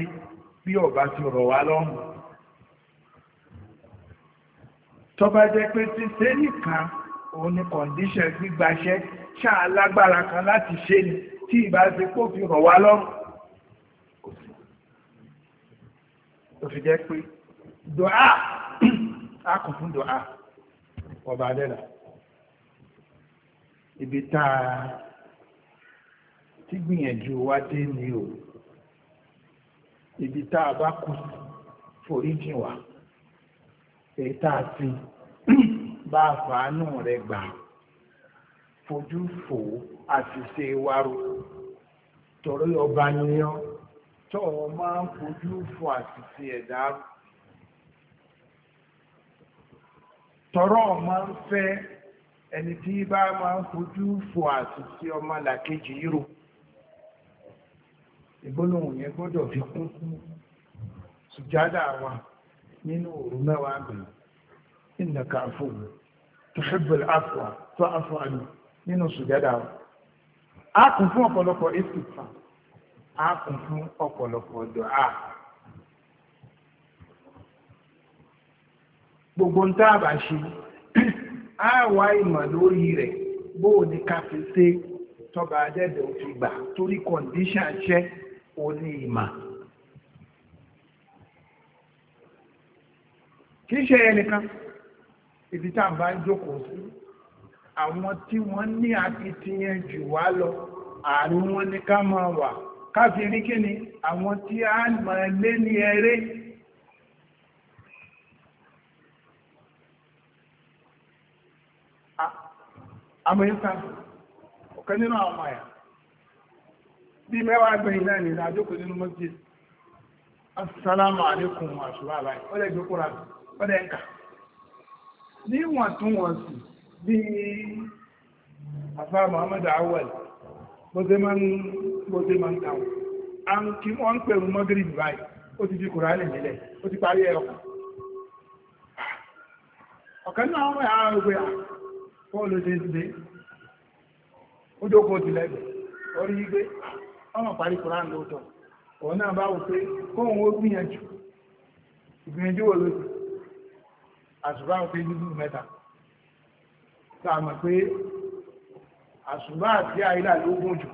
bí ọba ti rọ̀ wá lọ́rùn. tó bá jẹ́ pé títẹ́ nìkan òun ni kọ̀ǹdíṣẹ̀ gbígbaṣẹ́ ṣáà lágbára kan láti ṣe ni tí ìbá ṣe kó fi rọ̀ wá lọ́rùn tó fi jẹ́ pé dọ́à á kò fún dọ́à ọba adẹ́là ibi tá a ti gbìyànjú wá dé ní o ibi tá a bá kú foríjì wá ètà àti bá àfàánù rẹ̀ gbà fojú fò àti ṣe wárò tọ̀rọ̀ ọba yíyan tọ́ọ̀ máa ń fojú fò àti ṣe ẹ̀dá tọ̀rọ̀ máa ń fẹ́ ẹni tí bá máa ń fojú fò àti ṣe ọmọ làkejì yìí rò ìgbónáhùn yẹn gbọ́dọ̀ fi kún sùjádà wa nínú òru mẹ́wàá gbẹ̀yìn innaka afuwwu tuhibbul afwa tó afọ àlù nínú sùjádà wa a kún fún ọ̀pọ̀lọpọ̀ istighfar a kún fún ọ̀pọ̀lọpọ̀ du'a gbogbo ń tá a bá ṣe a wá ìmọ̀ lórí rẹ̀ bó o ní ká fi ṣe tọba adẹ́dẹ̀ òfin gbà torí kọ̀ǹdíṣàn ṣẹ́ o ìmọ̀. kì í ṣe ẹnìkan ibi tá à ń bá ń jókòó sí àwọn tí wọ́n ní akitiyan jù wá lọ àárín wọn ní ká máa wà káfí kí ni àwọn tí a máa lé ní eré amẹ́ríkà ọ̀kan nínú àwọn ọmọ àyà bí mẹ́wàá gbẹ̀yìn náà ní ìrìnàjò nínú mọ́sí assalamu alaikum wa rahmatullahi wa barakatuh Ọ dị kà níwọ̀ntúnwọ̀nsì bí dị Muhammad Awal bóse ma ń ma ń a kí wọ́n ń pẹ̀rù mọ́gírí báyìí ó ti fi nílẹ̀ ó ti parí ẹ̀kùn ọ̀kan náà wọ́n yà á gbé fọ́ọ̀lù ṣe ṣe ó jókòó ti lẹ́gbẹ̀ẹ́ orí gbé ọmọ parí òun náà bá wù pé kóhun ó gbìyànjú ìgbìyànjú àṣùbá pé nínú mẹ́ta sáàmà pé àṣùbá àti àìlà ló gùn jù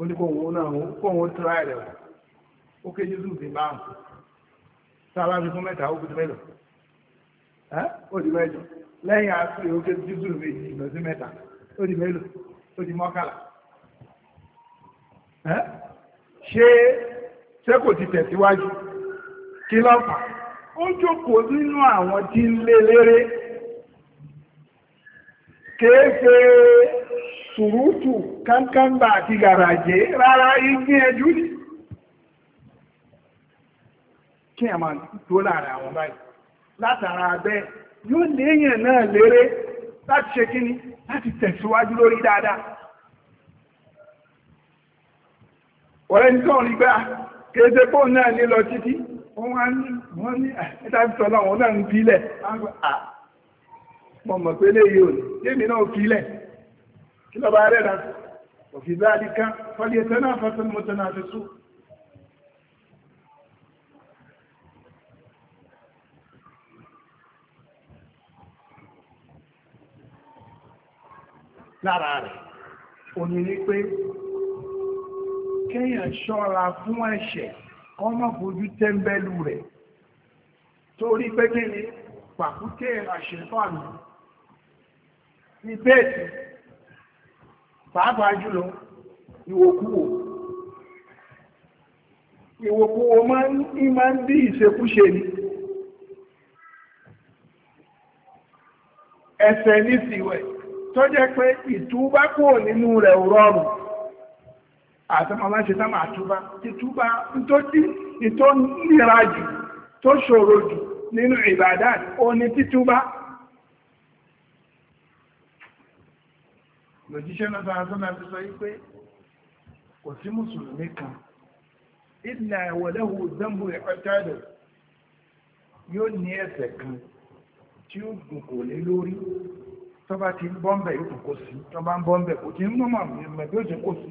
ó ní kò wọ́n náà kò wọ́n tíra ẹ̀rẹ̀ wọ̀ ó ké jésù sí márùn sáàbá fi fún mẹ́ta ó fi mẹ́lọ ó di mẹ́jọ lẹ́yìn àti ó ké jésù méjì lọ sí mẹ́ta ó di mẹ́lọ ó di mọ́kànlá ṣé ṣé kò ti tẹ̀síwájú kí lọ́pàá ó jókòó nínú àwọn tí ń lé léré kéèfé ṣùrútù kánkánbà àti gàràjé rárá igi ẹjú ní kí a máa tó láàrin àwọn báyìí látara abẹ́ yóò léèyàn náà léré láti ṣe kíní láti tẹ̀síwájú lórí dáadáa ọ̀rẹ́ ní tọ́rin gbá kéèfé pọ́ùn náà ní lọ títí wọ́n wá ní wọ́n ní ah, ẹ̀dàbítọ́lá wọn ah, náà ń bílẹ̀ mọ̀mọ̀ pé lè yóò lèmi náà fílẹ̀ kí lọ bá rẹ̀ rà òfì bá rí ká fọ́lẹ̀ ẹ̀tẹ́ náà fọ́tún mọ́tọ́ náà fi sú lára rẹ̀ òní ní pé kéèyàn ṣọ́ra fún ẹ̀ṣẹ̀ kọ́ mọ́ fojú tẹ́ńbẹ́lú rẹ̀ torí pé kí ni pàkúté àṣẹfààní ní bẹ́ẹ̀tì pàápàá jùlọ ìwòkúwò ìwòkúwò máa ń bí ìṣekúṣe ni ẹsẹ̀ ní tiwẹ̀ tó jẹ́ pé ìtúbákò nínú rẹ̀ rọrùn àtàwọn máa ń ṣe sáàmà àtúbá títúbá tó tí ìtò nira jù tó ṣòro jù nínú ìbàdàn ó ní títúbá lòjíṣẹ́ náà sára sọ́nà ti sọ wípé kò sí mùsùlùmí kan ìlà ìwọ̀lẹ́hù dánbù ẹ̀kọ́tàdọ̀ yóò ní ẹ̀ṣẹ̀ kan tí ó gùnkò lé lórí tọ́ba ti ń bọ́m̀bẹ̀ yóò kò sí tọ́ba ń bọ́m̀bẹ̀ kò tí ń mọ̀mọ̀ mẹ́bí ó jẹ́ kò sí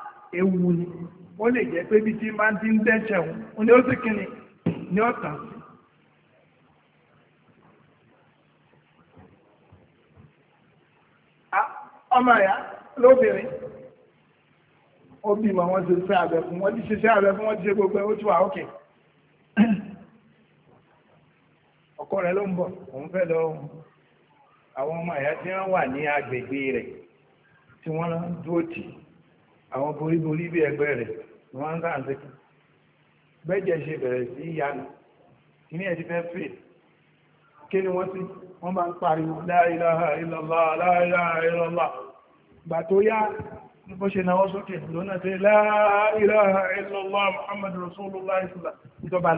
ewu ni ó lè jẹ́ pé bí tí bá ti ń dẹ́ṣẹ̀ òun ni ó sì kíni ní ọ̀tàn sí ah, ọmọ ìyá lóbìnrin ó bímọ wọn ti ṣe abẹ fún wọn ti ṣe ṣe abẹ fún wọn ti ṣe gbogbo ẹ ó ti wà ókè ọkọ rẹ ló ń bọ̀ òun fẹ́ lọ àwọn ọmọ ìyá tí wọ́n wà ní agbègbè rẹ̀ tí wọ́n dúró tì í àwọn boríborí bí ẹgbẹ́ rẹ̀ wọ́n ń sáà tẹ́kì bẹ́jẹ̀ ṣe bẹ̀rẹ̀ sí ìyanu kí ní ẹ̀dí fẹ́ fẹ́ kí ni wọ́n sí wọ́n bá ń pariwo la ilaha illallah la ilaha illallah gbà tó yá bó ṣe náwọ́ sókè lónà tẹ́ la ilaha illallah muhammadu rasulullah islam ìjọba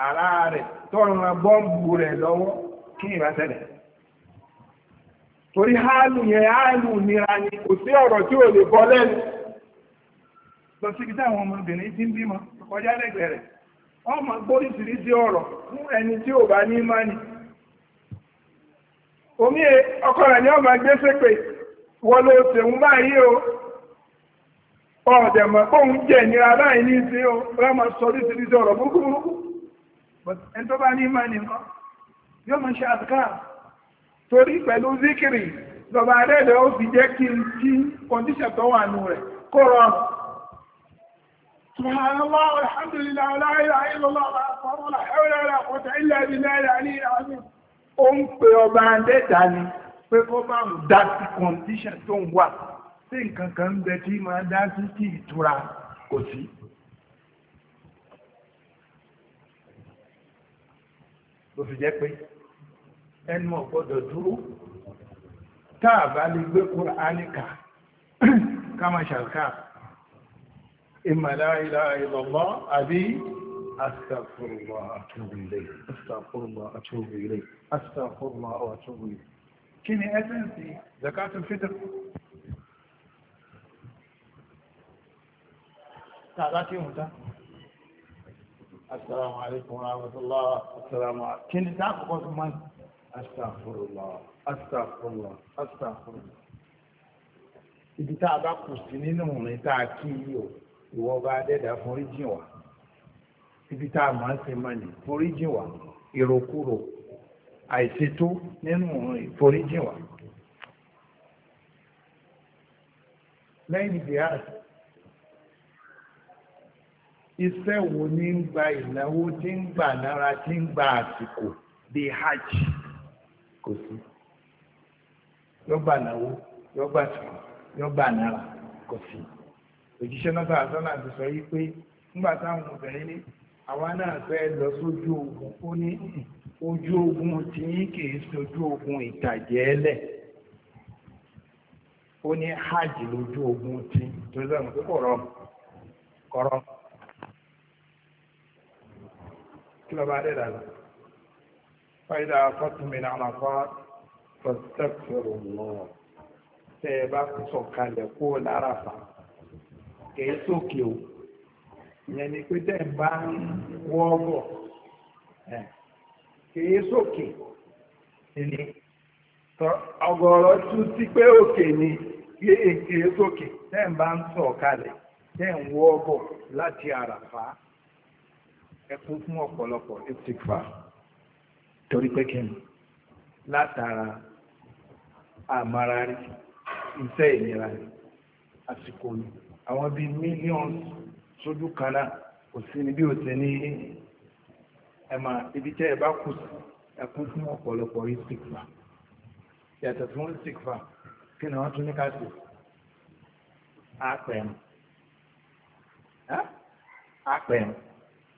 ara rẹ̀ tọ́rùn bọ́m̀bù rẹ̀ lọ́wọ́ kí ìbá torí hálù yẹn hálù nira ni kò sí ọ̀rọ̀ tí ò lè bọ́ lẹ́nu lọ sí kí táwọn ọmọbìnrin ti ń bímọ kọjá lẹ́gbẹ̀ẹ́ rẹ̀ ọmọ gbóríṣiríṣi ọ̀rọ̀ fún ẹni tí ò bá ní mánì omi e, ọkọ rẹ̀ ni ọmọ gbé sépè wọ́n ló báyìí o ọ̀dẹ̀mọ̀ kóhun jẹ̀ nira báyìí ní o sọ ọ̀rọ̀ burúkú burúkú ẹni tó bá ní ìmọ̀ nìkan yóò mọ̀ ṣe àtìká torí pẹ̀lú zikiri lọ́ba rẹ̀lẹ̀ ó fi jẹ́ kí n tí kọndíṣẹ̀ tó wà nù rẹ̀ kó rọrùn Subhanallah alhamdulillah la ilaha illallah la hawla wala quwwata illa billahi al-aliyyil azim ó ń pè ọba dẹ́ta nǹkan kan ń bẹ tí máa dá sí ìtura kò sí. ló fi jẹ́ pé ẹnu ọ̀gbọ́dọ̀ dúró táà bá lè gbé Kùránì kà kama ṣàlká imma la ilaha illallah àbí astaghfirullah atubu ilayh astaghfirullah atubu ilayh astaghfirullah atubu ilayh kí ni ẹ́sẹ̀nsì zakatul fitr tààlá kí hùn السلام عليكم ورحمة الله السلام عليكم كنت تعرف قلت من أستغفر الله أستغفر الله أستغفر الله ibi tá a bá kù sí nínú òrìn tá a kí yìí o ìwọ bá dẹ́dà foríjìn wá ibi tá a máa ń ṣe máa ní foríjìn wá ìrokúrò àìṣètò nínú òrìn foríjìn wá lẹ́yìn ìdíyàsí iṣẹ́ wo ní ń gba ìnáwó tí ń gbà tí ń gba àsìkò bíi hajj kò sí yọgbà náwó yọgbà sọ̀rọ̀ yọgbà nára kò sí òjíṣẹ́ náà ti sọ yìí pé nígbà táwọn obìnrin ní àwa náà fẹ́ lọ sójú ogun ó ní ojú ogun tí yín kìí sojú ogun ìtàjẹ́ ẹlẹ̀ ó ní hajj lójú ogun tí tó sọ̀rọ̀ pé kọ̀rọ̀ kí lọ bá dé dàgbà fàídà fọ́túnmìnà àlàfà fọ́tẹ́fẹ̀rù lọ tẹ́ ẹ bá sọ̀kalẹ̀ kó lára fà kèé sókè o ìyẹn ni pé tẹ́ ni ẹkún fún ọ̀pọ̀lọpọ̀ istikfa torí pé kí ni látara àmàrarí iṣẹ́ ìlera rẹ̀ àsìkò ni àwọn bíi mílíọ̀nù sójú kan náà kò sí ni bí o ti ní ẹ̀mà ibi tẹ́ ẹ bá kù sí ẹkún fún ọ̀pọ̀lọpọ̀ istikfa yàtọ̀ fún istikfa kí ni wọ́n tún ní ká sí àpẹ̀rùn àpẹ̀rùn.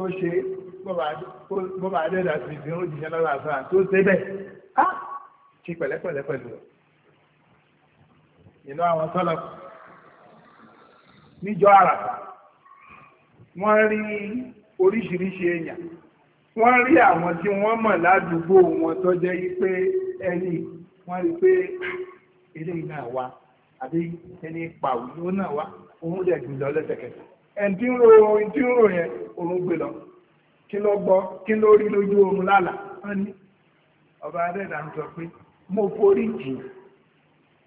tó ṣe bọ́bà adẹ́dà sí ìdí ó jìyàn lọ́la sáà tó ṣe bẹ́ẹ̀ á ti pẹ̀lẹ́pẹ̀lẹ́ pẹ̀lú rẹ̀ ìlú àwọn sọ́lọ̀ níjọ àràfà wọ́n rí oríṣiríṣi èèyàn wọ́n rí àwọn tí wọ́n mọ̀ ládùúgbò wọn tó jẹ́ pé ẹni wọ́n rí pé ah, eléyìí náà wá àbí ẹni pàwùjọ náà wá òun dẹ̀ jùlọ lẹ́sẹ̀kẹsẹ̀ ẹni tí ń ro yẹn òun gbé lọ kí ló gbọ́ kí ló rí lójú oorun ní ọba adẹ́dà ń sọ pé mo forí jì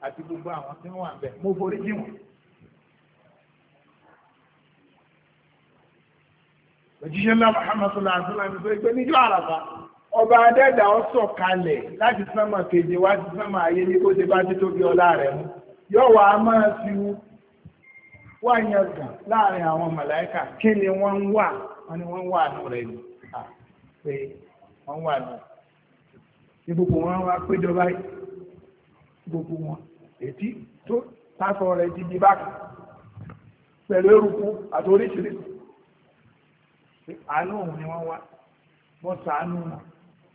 àti gbogbo àwọn tí wọ́n wà bẹ́ẹ̀ mo forí wọ́n. òjíṣẹ́ ńlá Muhammad sallallahu sọ ọba adẹ́dà kalẹ̀ láti keje wá sí ayé ní kó bá ti tóbi ọlá rẹ̀ mú máa wá yẹ̀gà láàrin àwọn màláíkà kí ni wọ́n ń wà wọ́n ni wọ́n wà nù rẹ̀ ni pé wọ́n wà nù ní gbogbo wọn wá péjọ báyìí gbogbo wọn ètí tó tásọ rẹ̀ ti di bákan pẹ̀lú eruku àti oríṣiríṣi àánú òun ni wọ́n wá wọ́n sàánú wọn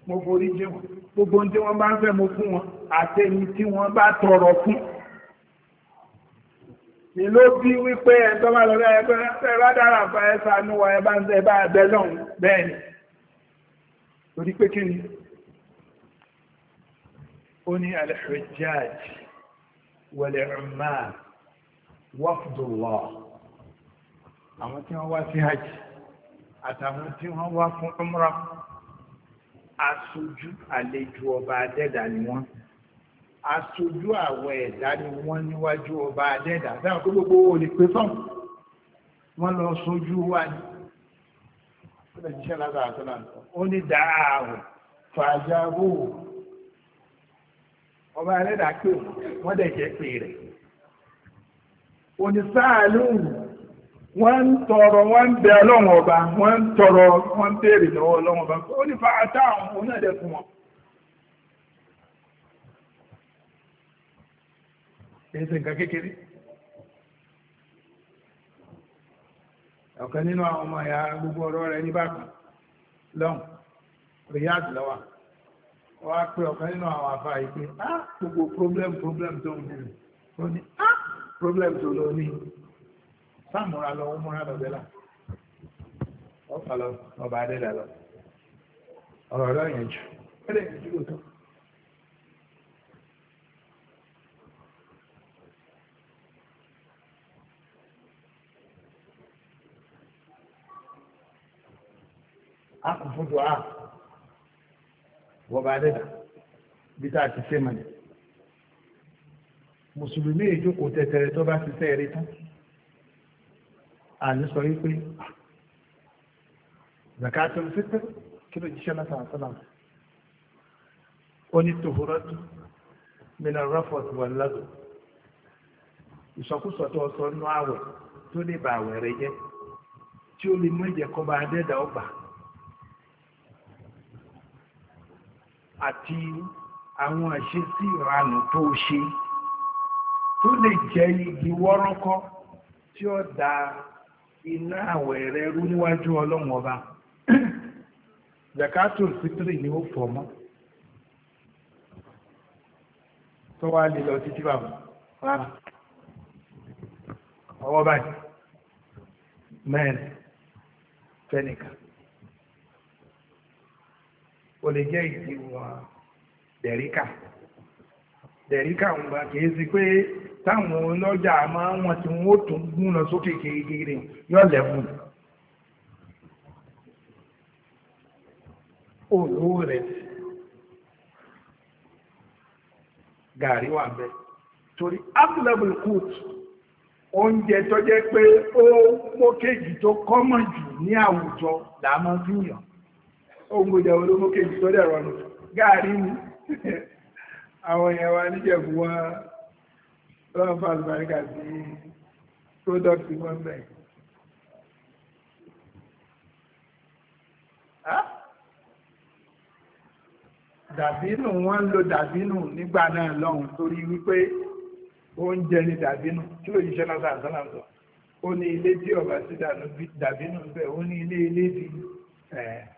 mo forí jẹ́ wọn gbogbo ohun tí wọ́n bá ń fẹ́ mo fún wọn àtẹ̀yìn tí wọ́n bá tọrọ fún wọn ni ló bí wípé ẹ̀tọ́ bá lọ bẹ́ ẹgbẹ́ bá dára fa ẹ̀sà níwọ̀ ẹbá ń bẹ́ ẹbẹ́ lọ́hùn bẹ́ẹ̀ ni torí pé kí ni ó ní al-hujjaj wal-ummal àwọn tí wọ́n wá sí hajj àtàwọn tí wọ́n wá fún umrah aṣojú àlejò ọba adẹ́dà ni wọ́n aṣojú àwọn ẹ̀dá ni wọ́n níwájú ọba adẹ́dà dáhùn pé gbogbo olè pé fún wọn lọ sójú wa ni ọ̀dọ̀ jíṣẹ́ lágbà àtọ́lá nǹkan ó ní dáàwò fàájáwò ọba adẹ́dà pé wọ́n dẹ̀ jẹ́ pé rẹ̀ òní sáàlù wọ́n ń tọrọ wọ́n ń bẹ ọlọ́run ọba wọ́n ń tọrọ wọ́n ń béèrè lọ́wọ́ ọlọ́run ọba ó ní fàátà àwọn onáàdẹ fún wọn ẹsẹ̀ nǹkan kékeré ọ̀kan nínú àwọn ọmọ ẹ̀yà gbogbo ọ̀rọ̀ rẹ̀ ní bákan lọ́hùn riyad lọ́wà wọ́n á pé ọ̀kan nínú àwọn àfà yìí pé á gbogbo problem problem tó ń bẹ̀rẹ̀ ó ní á problem tó lọ ní sáàmùra lọ ó múra lọ́bẹ̀ là ọ̀pá lọ ọba adẹ́dà lọ ọ̀rọ̀ ọ̀rọ̀ yẹn jù ó lè ní ìdúró tó. a kò fún dùá wọ́n bá dẹ́dà bí tá a ti ṣe mọ̀lẹ́ mùsùlùmí ìjókòó tẹ̀tẹ̀rẹ̀ tó bá ti fẹ́ rí tán àní sọ wípé zakatul fitr kí ló jíṣẹ́ lọ́sàn àtọ́nà ó ní tòhúrọ́tù mina rafot wọn lọ́dọ̀ ìsọkúsọ tó sọ nú àwẹ̀ tó lè bà àwẹ̀ rẹ jẹ́ tí ó lè mú ìjẹ́kọ́ bá dẹ́dà ọgbà àti àwọn àṣesí ìranù tó ṣe tó lè jẹ́ igi wọ́rọ́kọ́ tí ó da iná àwẹ̀ rẹ rú níwájú ọlọ́run ọba zakato sitiri ni ó fọ̀ mọ́ tó wá lè lọ títí bàbá rárá ọwọ́ báyìí mẹ́rin fẹ́nìkan. ó lè jẹ́ ìdíwọ̀n dẹ̀ríkà dẹ̀ríkà ń gbà kìí sí pé táwọn ọlọ́jà máa wọn otu wọ́n tún gún lọ sókè kéèkéèrè yóò lẹ́bùn olówó rẹ̀ gàrí wà bẹ́ẹ̀ torí abdullabul kut oúnjẹ tó jẹ́ pé ó mókèjì tó kọ́mọ̀ jù ní àwùjọ làmọ́ ògbòjà olómókè ìtọ́jà rọrùn gáàrí ni àwọn èèyàn wa níjẹ̀bù wọn lọ́wọ́ fún àlùbáríkà sí product wọn bẹ̀. dàbínù wọ́n ń lo dàbínù nígbà náà lọ́hùn torí wípé oúnjẹ ni dàbínù kí ló yíṣẹ́ náà sàn sánà sọ ó ní ilé tí ọba sí dàbínù bẹ́ẹ̀ ó ní ilé ilé ti ẹ̀ẹ́.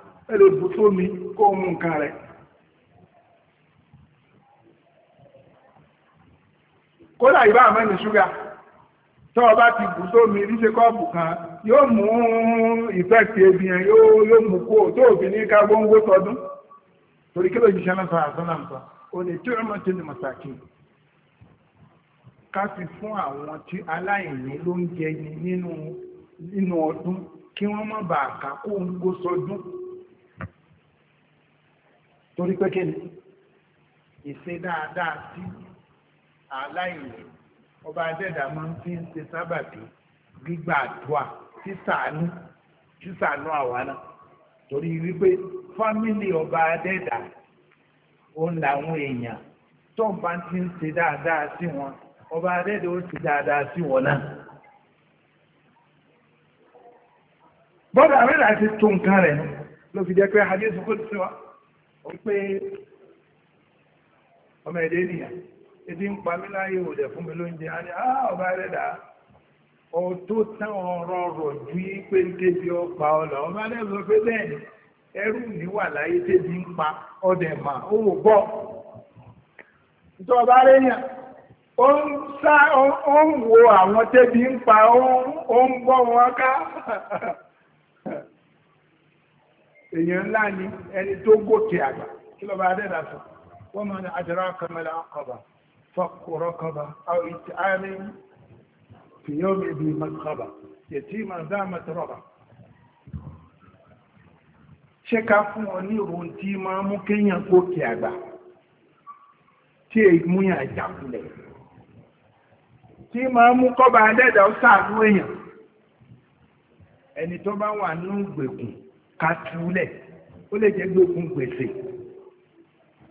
ẹlẹ́ bù tó mi kó mú nǹkan rẹ̀ kódà ìbá àmẹ́ni ṣúgà tọ́ ọba ti bù tó mi ríṣe kọ́ọ̀pù kan yóò mú ìfẹ́ẹ̀tì ebi yẹn yóò mú kó tó òbí ní kágbó ń wó tọdún torí kí ló ṣiṣẹ́ náà sọ àtúnà nǹkan ò ní tí ó mọ̀ tí ó ní mọ̀sáàkì ká fi fún àwọn tí aláìní ló ń jẹ nínú ọdún kí wọ́n má bàa kà kó ń gbó sọdún torí pé kí ni ìṣe dáadáa sí aláìní ọba adẹ́dà máa ń fi ń ṣe sábàbí gbígbà àdúrà sísàánú sísàánú àwa náà torí wípé fámìlì ọba adẹ́dà òun làwọn èèyàn tó ń bá ti ń ṣe dáadáa sí wọn ọba adẹ́dà ó ṣe dáadáa sí wọn náà. bọ́dà rẹ̀ láti tó nǹkan rẹ̀ ló fi jẹ́ pé hadith kò sí wa. wípé ọmọ ẹ̀dẹ́ ènìyàn ebi ń pa mí láyé òdẹ̀ fún mi a ní ah, ọba ẹ̀rẹ́dà ọ̀tó táwọn ọ̀rọ̀ rọ̀ ju pé débi ọpa ọ̀là ọba ẹ̀rẹ́ pé bẹ́ẹ̀ ni ẹrù láyé ń pa mà ó wò bọ́ ìjọba rẹ̀yàn ó ń wo èèyàn ńlá ni ẹni tó gòkè àgbà kí lọ́ba adẹ́dà sọ wọ́n ní àwọn ìtì àárín fìyọ́mì ṣé ká fún ọ ní tí máa mú kéèyàn gòkè àgbà tí èyí mú yàn jàkulẹ̀ tí máa mú kọ́ba adẹ́dà ó sàánú èèyàn ẹni tó bá kàtúlẹ̀ ó lè jẹ́ gbógun gbèsè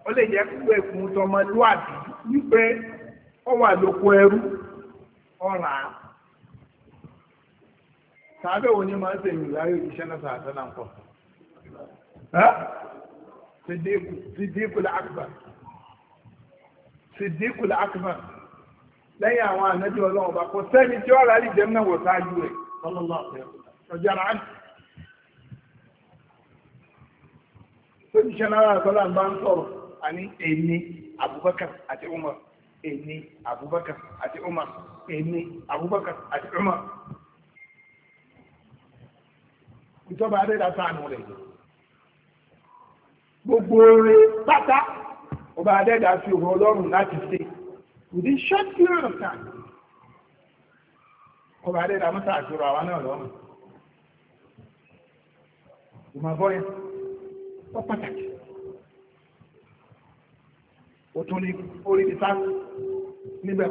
ó lè jẹ́ gbẹ̀kùn tọmọlúwàbí wípé ó wà lóko ẹrú ọ̀rà tàbí òun máa ń tẹ̀yìn láyé iṣẹ́ náà sàásẹ́ náà pọ̀ Siddiqul Akbar lẹ́yìn àwọn ànájọ́ ọlọ́run bá sẹ́ni tí ó rà lè jẹ́ sáájú sójúṣẹ́ náírà sọ́lá ń bá ń sọ̀rọ̀ àní èmi Abubakar àti Umar èmi Abubakar àti Umar èmi Abubakar àti Umar ìjọba adéda sáànù rẹ̀ gbogbo rẹ̀ pátá ọba adéda fi òun ọlọ́run láti ṣe within short period of time ọba adéda mọ́ta àjọrò àwa náà lọ́rùn ìmọ̀ bọ́yẹn. ó pàtàkì ó tún ní orí ti sáà níbẹ̀.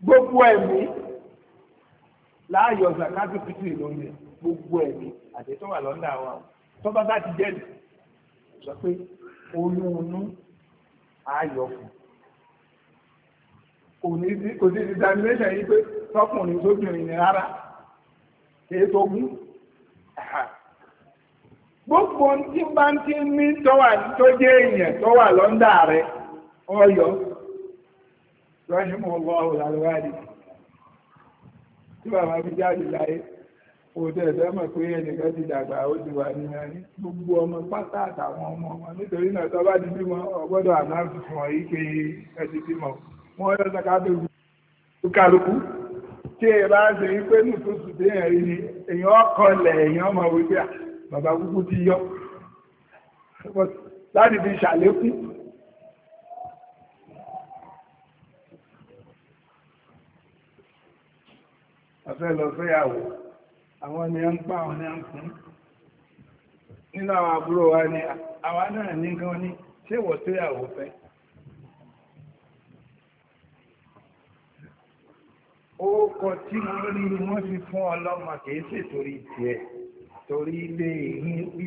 gbogbo ẹ̀mí láàyò zakatu fitri lónìí gbogbo ẹ̀mí àti tó wà lọ́ndà wa tó bá bá ti jẹ́lì sọ pé olúunú ayọ̀ fún kò ní sí kò sí determination yìí pé tọkùnrin sóbìnrin ni rárá kí é tó gbogbo tí bá ń tọwa ní tọ́wà tó jẹ́ èèyàn ọyọ wà lọ́ndà rẹ̀ ọyọ́ rọ́ṣùmọ̀ jáde láyé òtẹ́ ẹ̀fẹ́ ti dàgbà ó ti wà ní ẹni gbogbo ọmọ pátá àtàwọn ọmọ ọmọ nítorí náà tó bá àná fún ọ tí ẹ bá ṣe ń pé nù tó sùn téèyàn rí ni èèyàn ọkọlẹ̀ èèyàn ọmọ wípé ah, bàbá kúkú ti yọ láti fi ṣàlékún afẹ́ lọ fẹ́yàwó àwọn ni a ń pa àwọn ni a ń fún nínú àwọn àbúrò wa ni àwa náà ní gan ní ṣé wọ́n tó yàwó fẹ́ ókọ tí wọ́n rí wọ́n fi fún ọlọ́mọ kìí ṣe torí tiẹ̀ torí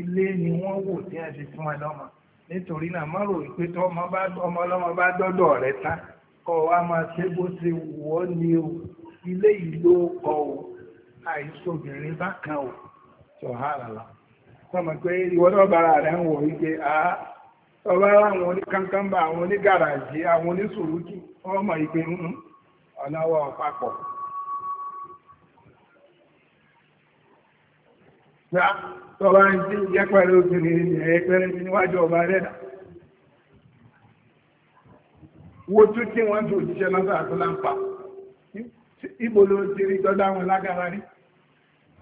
ilé ni wọ́n wò tí wọ́n fi fún ọlọ́mọ nítorí náà má rò pé tí ọmọ ọlọ́mọ bá dọ́dọ̀ rẹ̀ tán kọ́ wa máa ṣe bó ṣe wọ́ ni o ilé yìí ló kọ́ o àìsòbìnrin bá kan o sọ̀háràlà sọmọ pé ìwọ́n náà bára rẹ̀ ń wọ̀ wípé a ọba àwọn oníkankanba àwọn onígàràjì àwọn onísùrùkì ọmọ ìpè ń ọ̀làwọ̀ papọ̀. Ṣá tọ́ba ń tí jẹ́ pẹ̀lú obìnrin ní ẹ̀yẹ pẹ̀lú níwájú ọba rẹ̀dà. Wo tún kí wọ́n tó jíṣẹ́ lọ́sọ̀ àtúlámpà. Ibo ló ti rí tọ́dá wọn lágara rí.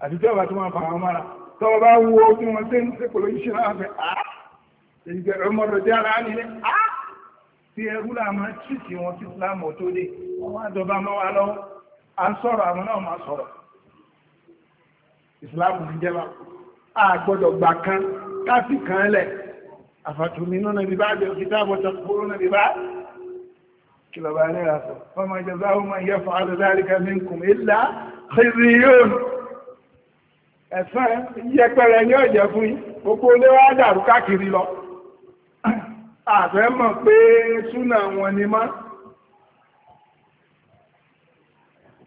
Àti tọ́ba tó máa fà wọn mára. Tọ́ba wo kí wọ́n tẹ́ ń sẹ́kọ̀ọ́ yíṣẹ́ láàfẹ́ àá. Èyí jẹ́ ọmọ rẹ̀ jẹ́ ara nílé àá. Fi ẹrú làmọ́ tìtì wọn sí Islam ọ̀tọ́ dé wọ́n á dọba mọ́ wa lọ́wọ́ à ń sọ̀rọ̀ àwọn náà máa sọ̀rọ̀ ìsìláàmù ní jẹba a gbọ́dọ̀ gbà kan káfí kan lẹ̀ àfàtúmí náà níbi bá jẹ́ òkúta àbọ̀tà kúrò níbi bá kìlọ̀bà ní ìrasọ̀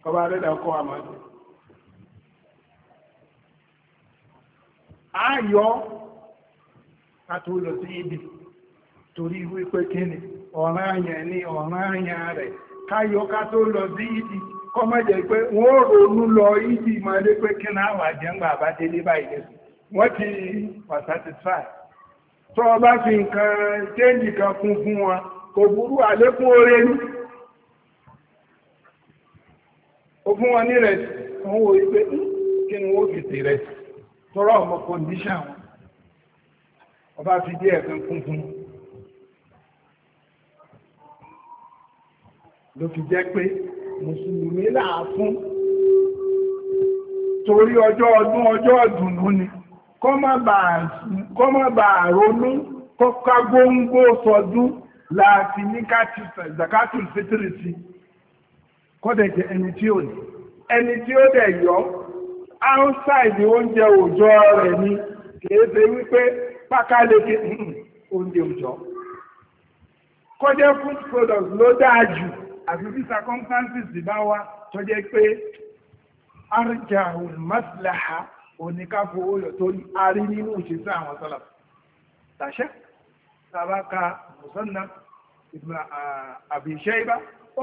ọba adẹ́dà ọkọ̀ àmọ́dé ayọ́ àti olò sí ibi torí wípé kíni ọ̀rán àyà ní ọ̀rán àyà rẹ̀ káyọ ká tó lọ sí ibi kọ́ mẹ́jẹ̀ pé wọ́n ronú lọ ibi ma lé pé kí náà wà jẹ́ ńgbà bá délé báyìí wọ́n ti wà ọba fi nǹkan kan fún wọn kò ó fún wọn ní rẹ̀sì wọ́n wo pé hmm, kí ni wọ́n fi tè rẹ̀sì tọ́rọ ọmọ kọ̀ǹdíṣà wọn ọba fi díẹ̀ kan kún fún ló fi jẹ́ pé mùsùlùmí làá fún torí ọjọ́ ọdún ọjọ́ ọdùnnú ni kọ́ má bàa ronú kọ́ká góńgó sọdún láti ní ká ti zakatu fitiri sí. Si kọ́dẹ̀ jẹ ẹni tí ó ní ẹni tí ó dẹ̀ yọ outside oúnjẹ òòjọ́ rẹ̀ ni kìí ṣe wípé pákáleke hmm, hmm, oúnjẹ òòjọ́ kọ́jẹ́ food products ló dáa jù àti bí circumstances bá wá tó jẹ́ pé arja olùmọ́síláha oníkàfọ́ olùyọ̀ tó arí nínú òṣìṣẹ́ àwọn sọ́lá tàṣẹ́ tàbá ka musannaf ibn ah, abi shayba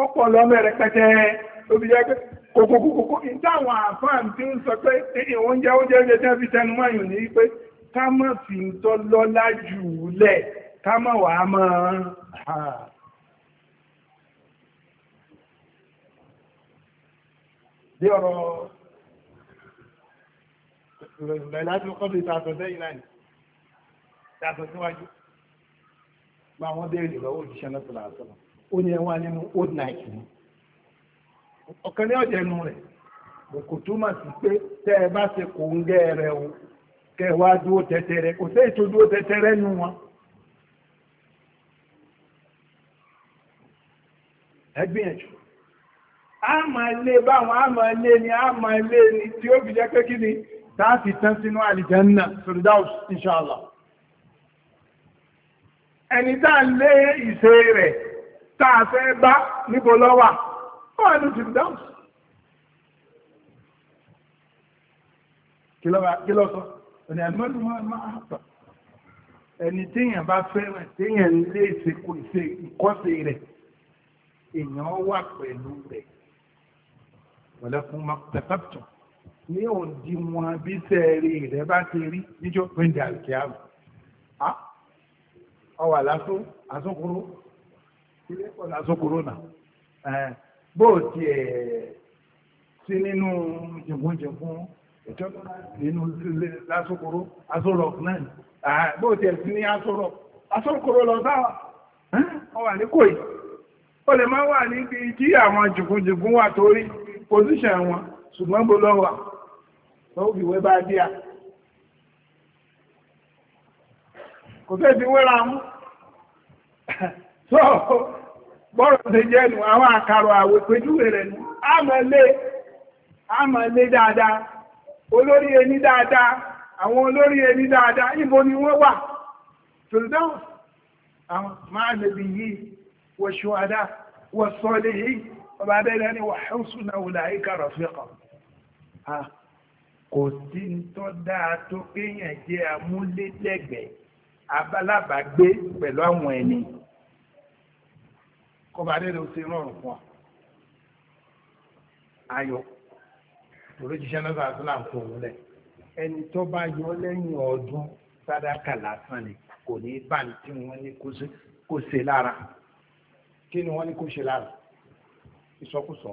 ọ̀pọ̀ lọ́mọ rẹpẹtẹ lóbi jẹ́ pé kòkòkòkò ìtàwọn àfáàn tí ń sọ pé oúnjẹ oúnjẹ oúnjẹ tí wọ́n fi tẹnu mọ́yìn ní pé ká mọ̀ fi ń tọ́ lọ́lá jù lẹ̀ ká mọ̀ wà á mọ̀ bí ọ̀rọ̀ láti kọ́dù ìtàṣọ̀ sẹ́yìn náà ìtàṣọ̀ síwájú máa wọ́n dé ìlọ́wọ́ òjíṣẹ́ náà tó onye ní ẹwà nike ni ọ̀kan ní ọ̀jẹ̀ nu rẹ̀ kò túmọ̀ sí pé tẹ́ ẹ bá ṣe kò ń gẹ́ rẹ o kẹ́ wá dúró tẹ́tẹ́rẹ́ kò sí ètò dúró tẹ́tẹ́rẹ́ nu wọn. ẹ gbìyànjú a máa lé báwọn a máa lé ni a máa lé ni tí ó fi jẹ́ pé kí ni táàfì tán sínú àlìjánná firdaus inshallah ẹni tá a lé ìṣe rẹ̀ táà fẹ́ bá níbo lọ́wà ó wà ní jùdáùs kí lọ sọ ọ̀nà àmọ́dún wọn máa àpà ẹni téèyàn bá fẹ́ràn téèyàn lè ṣe ìkọ́sẹ̀ rẹ̀ èèyàn wà pẹ̀lú rẹ̀ wọ̀lẹ́kùn mọ́tẹ́kẹ́tọ̀ ní òdiwọ̀n bí sẹ́ẹ̀rí rẹ̀ bá ti rí níjọ́ pẹ́ndì àlùkìyàmù ọwà lásán àsúnkúrú ilé pọ̀ lásán sí nínú jìnkúnjìnkún nínú náà bóòtí ẹ̀ sí ní asòrò lọ sáwà ọ wà ní kòyí ó lè máa wà níbi tí àwọn jìnkúnjìnkún wà torí pòsíṣàn wọn ṣùgbọ́n bó lọ wà lọ́wọ́ bá dí bọ́rọ̀ ṣe jẹ́ nù àwọn àkàrò àwò ìpéjúwè rẹ̀ nù àmọ́ dáadáa olórí ẹni dáadáa àwọn olórí ẹni dáadáa ni wọ́n wà tòlùdáwọ̀ àwọn máa lèbi yìí wọ́n ọba ni kò dáa tó kọba rẹ̀ ó ti rọrùn fún wa ayọ̀ torí jíṣẹ́ náà sàásù náà kò wọ́n lẹ̀ ẹni tó bá yọ lẹ́yìn ọdún sádàkà lásán ni kò ní bá ní tí wọ́n ní kó ṣe lára kí ni wọ́n ní kó ṣe lára ìsọkúsọ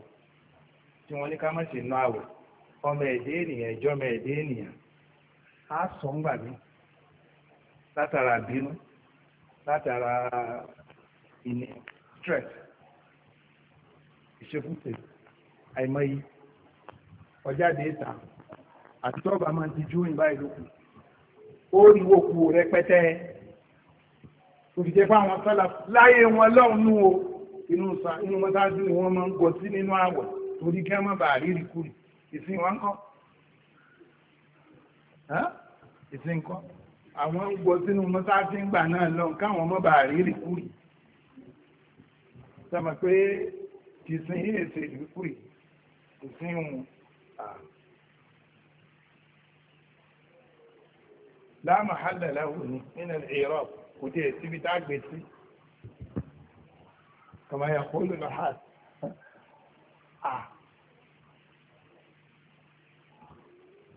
tí wọ́n ní ká má ṣe ná àwẹ̀ ọmọ ẹ̀dẹ́ ènìyàn ìjọ ọmọ ẹ̀dẹ́ ènìyàn á sọ ń gbà mí látara bínú látara ìnìyàn stress ìṣekúṣe àìmọye ọjáde ìta àti tọ́ọ̀bù àmọ́ ti jú ìbá ìlókù ó rí òkú rẹpẹtẹ òfìjẹ́ fáwọn sọ́là láyé wọn lọ́ọ̀nù o inú wọn sáájú ni wọ́n máa ń gbọ́ sí nínú àwọ̀ torí kí wọ́n má bàa rírì kúrì ìsìn wọn kọ́ ìsìn kọ́ àwọn ń gbọ́ sínú mọ́sáájú ìgbà náà lọ káwọn má bàa rírì kúrì sọmọ pé ti sin yí èsè ìlúkù yìí kò sí ohun láàmà hálẹ̀ láwùn ní nínú ìrọ̀ kò tí èsì bí tá gbé sí kama ya kólù lọ hàt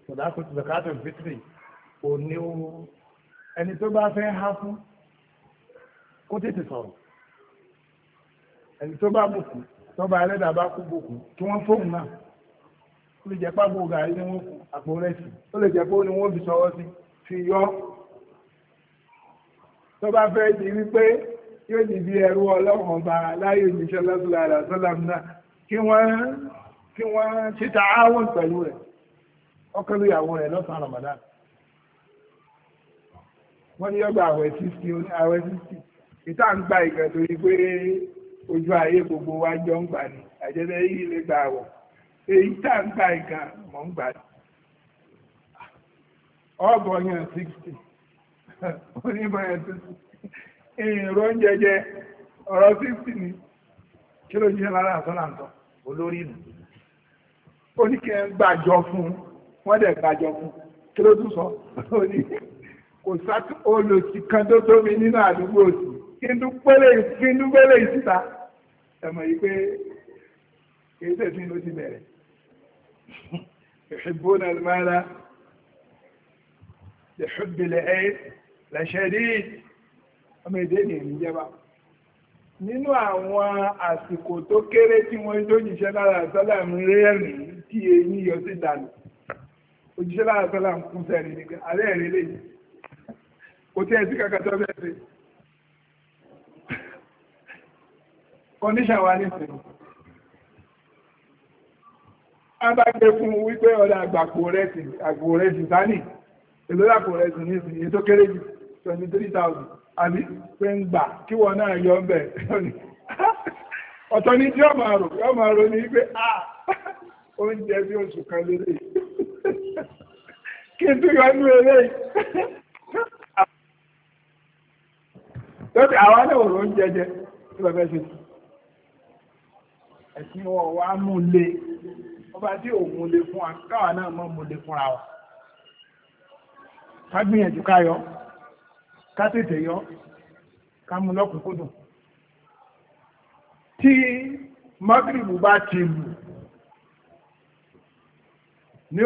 sọ̀dákùtù zakatun ẹni tó bá fẹ́ há fún kó tètè sọ̀rọ̀ ẹni tó bá bùkún tó bá ẹlẹ́dà bá kú bùkún kí wọ́n fóun náà ó lè jẹ́ pàgbó gàrí ní wọ́n kún àpò rẹ̀sì ó lè jẹ́ pé ó ní wọ́n fi sọwọ́ sí fi yọ tó bá fẹ́ di wípé yóò di bí ẹrú ọlọ́run ọba láyé oníṣẹ́ lọ́sọ̀lá àlàsọ́lá náà kí wọ́n kí wọ́n ṣíta áwọn pẹ̀lú rẹ̀ ọkọlù ìyàwó rẹ̀ lọ́sàn-án Ramadan wọ́n ní yọ́gbà àwẹ̀ 60 ìta ń gba ìgbẹ̀ torí pé ojú ayé gbogbo wa jọ ń gbà ní àjẹ́lẹ̀ yìí lè gbà wọ̀ èyí tá ń gbà ìkan mọ̀ ń gbà ní. ọgọ̀yàn sixty sixty ń jẹjẹ sixty ni kí ló jẹ lára àsọ́làǹtọ̀ olórí nù. ó ń gbàjọ fún wọ́n dẹ̀ gbàjọ fún kí ló tún sọ kò sá kí n dúpẹ́lẹ̀ ìsíta ẹ̀mọ̀ yìí pé kìí tẹ̀sí ló ti bẹ̀rẹ̀ ìṣìbónà mara ìṣìbìlẹ̀ ẹ̀ lẹ́ṣẹ̀dí ọmọ èdè ní ìjẹba nínú àwọn àsìkò tó kéré tí wọ́n tó jíṣẹ́ lára àtọ́là ń rẹ́rìn tí èyí yọ sí dànù òjíṣẹ́ lára àtọ́là ń kú sẹ́rin nígbà àárẹ̀ rẹ̀ lè kò tí ẹ̀ sí kàkàtọ́ bẹ́ẹ̀ condition wa ní ìsìn a bá gbé fún wípé ọ̀dà àgbàpò rẹ̀sì àgbò rẹ̀sì sani ìlúlàpò rẹ̀sì ní ìsìn èyí tó kéré jù 23,000 àbí pé ń gbà kí wọ́n náà yọ ń bẹ̀ ọ̀tọ̀ ní tí ọmọ àrò ọmọ àrò ní wípé a oúnjẹ bí oṣù kan lérè kí n tó yọ inú eré lọ́dẹ̀ àwọn náà wọ̀rọ̀ tí wọ́n sí ẹ̀sìn wọ́n wá mú lé ọba tí ò mú lé fún àkáwà náà mọ́ mú lé fúnra wa ká gbìyànjú ká yọ ká tètè yọ ká mú lọ́kùnkúndùn tí mọ́gìrìbù bá ti lù ní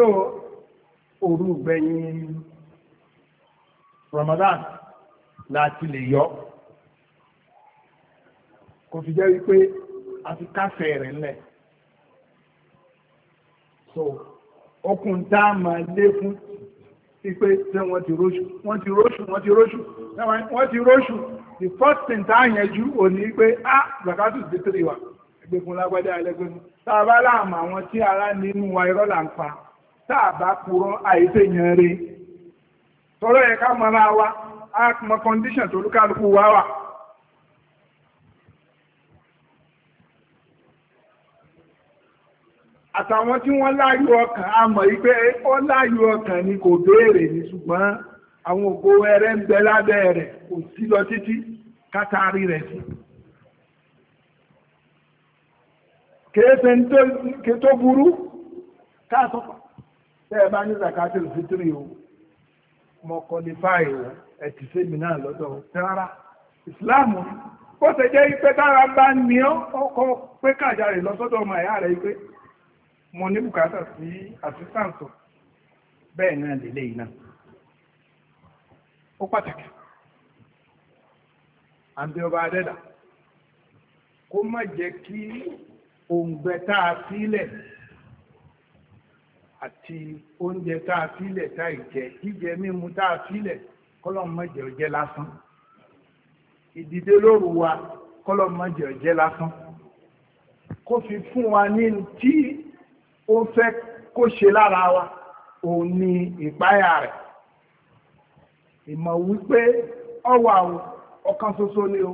òru gbẹ̀yìn Ramadan láti lè yọ kò fi jẹ́ wípé àti kásẹ̀ rẹ̀ ńlẹ̀ so okùn tá a máa lé fún sí pé ṣé wọ́n ti róṣù wọ́n ti róṣù wọ́n ti róṣù wọ́n ti róṣù the first thing tá a yẹjú ò ní pé ah zakatu ti tiri wa ẹgbẹ́ fún lágbádá ẹlẹ́gbẹ́ fún tá a bá láàmú àwọn tí ara nínú wa irọ́ là ń pa tá a bá purọ́ àìsè yẹn rí tọ́lọ́ yẹ ká mọ́ra wa a mọ condition tó lúkálùkù wá wà. àtàwọn tí wọ́n láyò ọkàn a mọ̀ wípé ó láyò ọkàn ni kò béèrè ní ṣùgbọ́n àwọn ògbó ẹrẹ́ ń bẹ lábẹ́ rẹ̀ kò sí lọ títí kátàrí rẹ̀ fún kéèsè ké tó burú káàsọ́pà tẹ́ẹ̀ bá ní zakatil fitri o mọ̀ kọlifáì o ẹ̀tì sẹ́mi náà lọ́dọ̀ rárá ìsìláàmù ó ṣe jẹ́ ipé tára bá ní ọkọ̀ pé kàjá rẹ̀ lọ́sọ́dọ̀ ọmọ ẹ̀yà rẹ̀ ipé mo ní bùkátà sí àsísàǹtò bẹ́ẹ̀ náà lélẹ̀ yìí náà ó pàtàkì àbí ọba adẹ́dà kó má jẹ́ kí òǹgbẹ tá a sílẹ̀ àti oúnjẹ tá a sílẹ̀ tá a jẹ jíjẹ mímu tá sílẹ̀ kọ́lọ́mù ọjẹ́ lásán ìdìde lóru wa kọ́lọ́mù ọjẹ́ lásán kó fi fún wa ní tí ó fẹ́ kó ṣe lára wa òun ni ìpáyà rẹ̀ ìmọ̀ wípé ọwà o ọ̀kan ṣoṣo ni o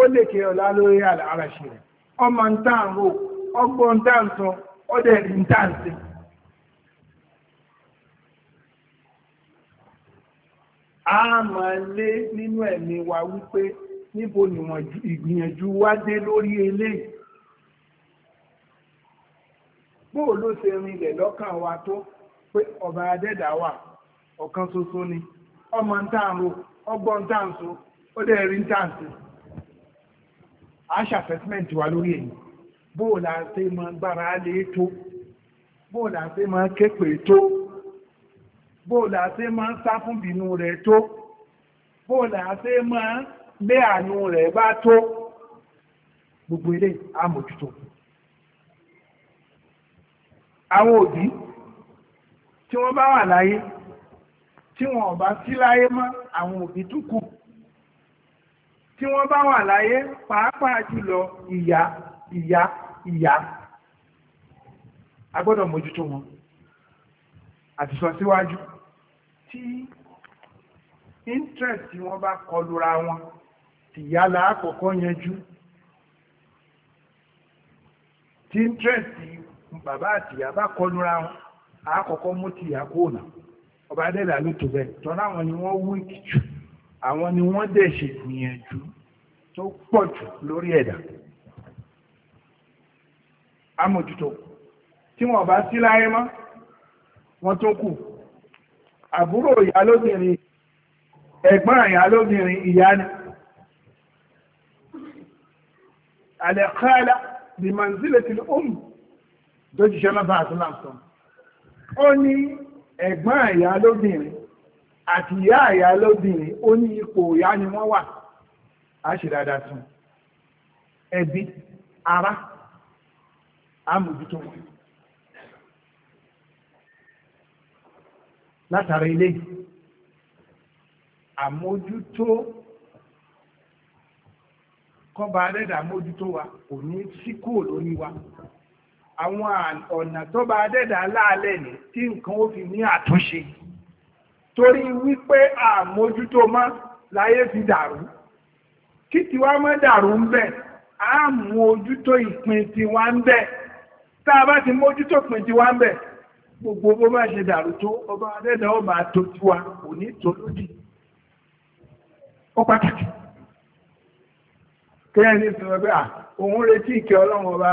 ó lè kí ọlá lórí ara ṣe rẹ̀ ọmọ ń tà ń rò ọgbọ́n ń tà ń sọ ọdẹ̀ ń tà ń ṣe. a máa lé nínú ẹ̀mí wa wípé níbo ni ìgbìyànjú wá dé lórí eléyìí bóò ló ṣe lọ́kàn wa tó pé ọba adẹ́dà wà ọ̀kan ṣoṣo ni ọmọ ń tà ro ọgbọ́n ń assessment wa lórí èyí bóò là ń ṣe máa gbára lé tó bóò là ń ṣe máa képe tó bóò là ń ṣe máa sá fún bínú gbogbo àwọn òbí tí wọ́n bá wà láyé tí wọ́n bá sí láyé mọ́ àwọn òbí tó kù tí wọ́n bá wà láyé pàápàá jùlọ ìyá ìyá ìyá a gbọ́dọ̀ mójútó wọn àti sọ síwájú tí interest tí wọ́n bá kọlura wọn ti yálà àkọ́kọ́ yanjú tí interest bàbá àtìyá bá kọlura wọn àkọ́kọ́ mú ti ìyá kó nà ọba adẹ́lẹ̀ àlótò bẹ́ẹ̀ tọ́lá àwọn ni wọ́n wíìkì jù àwọn ni wọ́n dẹ̀ ṣe gbìyànjú tó pọ̀ jù lórí ẹ̀dá amójútó tí wọ́n bá sí láyé mọ́ wọ́n tó kù àbúrò ìyá lóbìnrin ẹ̀gbọ́n ìyá lóbìnrin ìyá ni la bí manzilẹ̀ tí ó mú dójíṣẹ́ lọ́fà àtúnláṣọ ó ní ẹ̀gbọ́n àyà lóbìnrin àti ìyá àyà lóbìnrin ó ní ipò ìyá ni wọ́n wà á ṣe tún ẹbí ará amójútó wọn látara ilé àmójútó kọba adẹ́dà àmójútó wa kò ní sí lórí wa àwọn ọ̀nà tó bá dẹ́dà láàlẹ́ ní tí nǹkan ó fi ní àtúnṣe torí wípé àmójútó mọ́ láyé fi dàrú kí tiwa mọ́ dàrú ń bẹ̀ àmójútó ìpín tiwa ń bẹ̀ tá a bá ti mójútó ìpín tiwa ń bẹ̀ gbogbo bó bá ṣe dàrú tó ọba adẹ́dà ó máa tó tiwa kò ní tó lódì ó pàtàkì kí ẹni sọ pé òun retí ìkẹ́ ọlọ́run ọba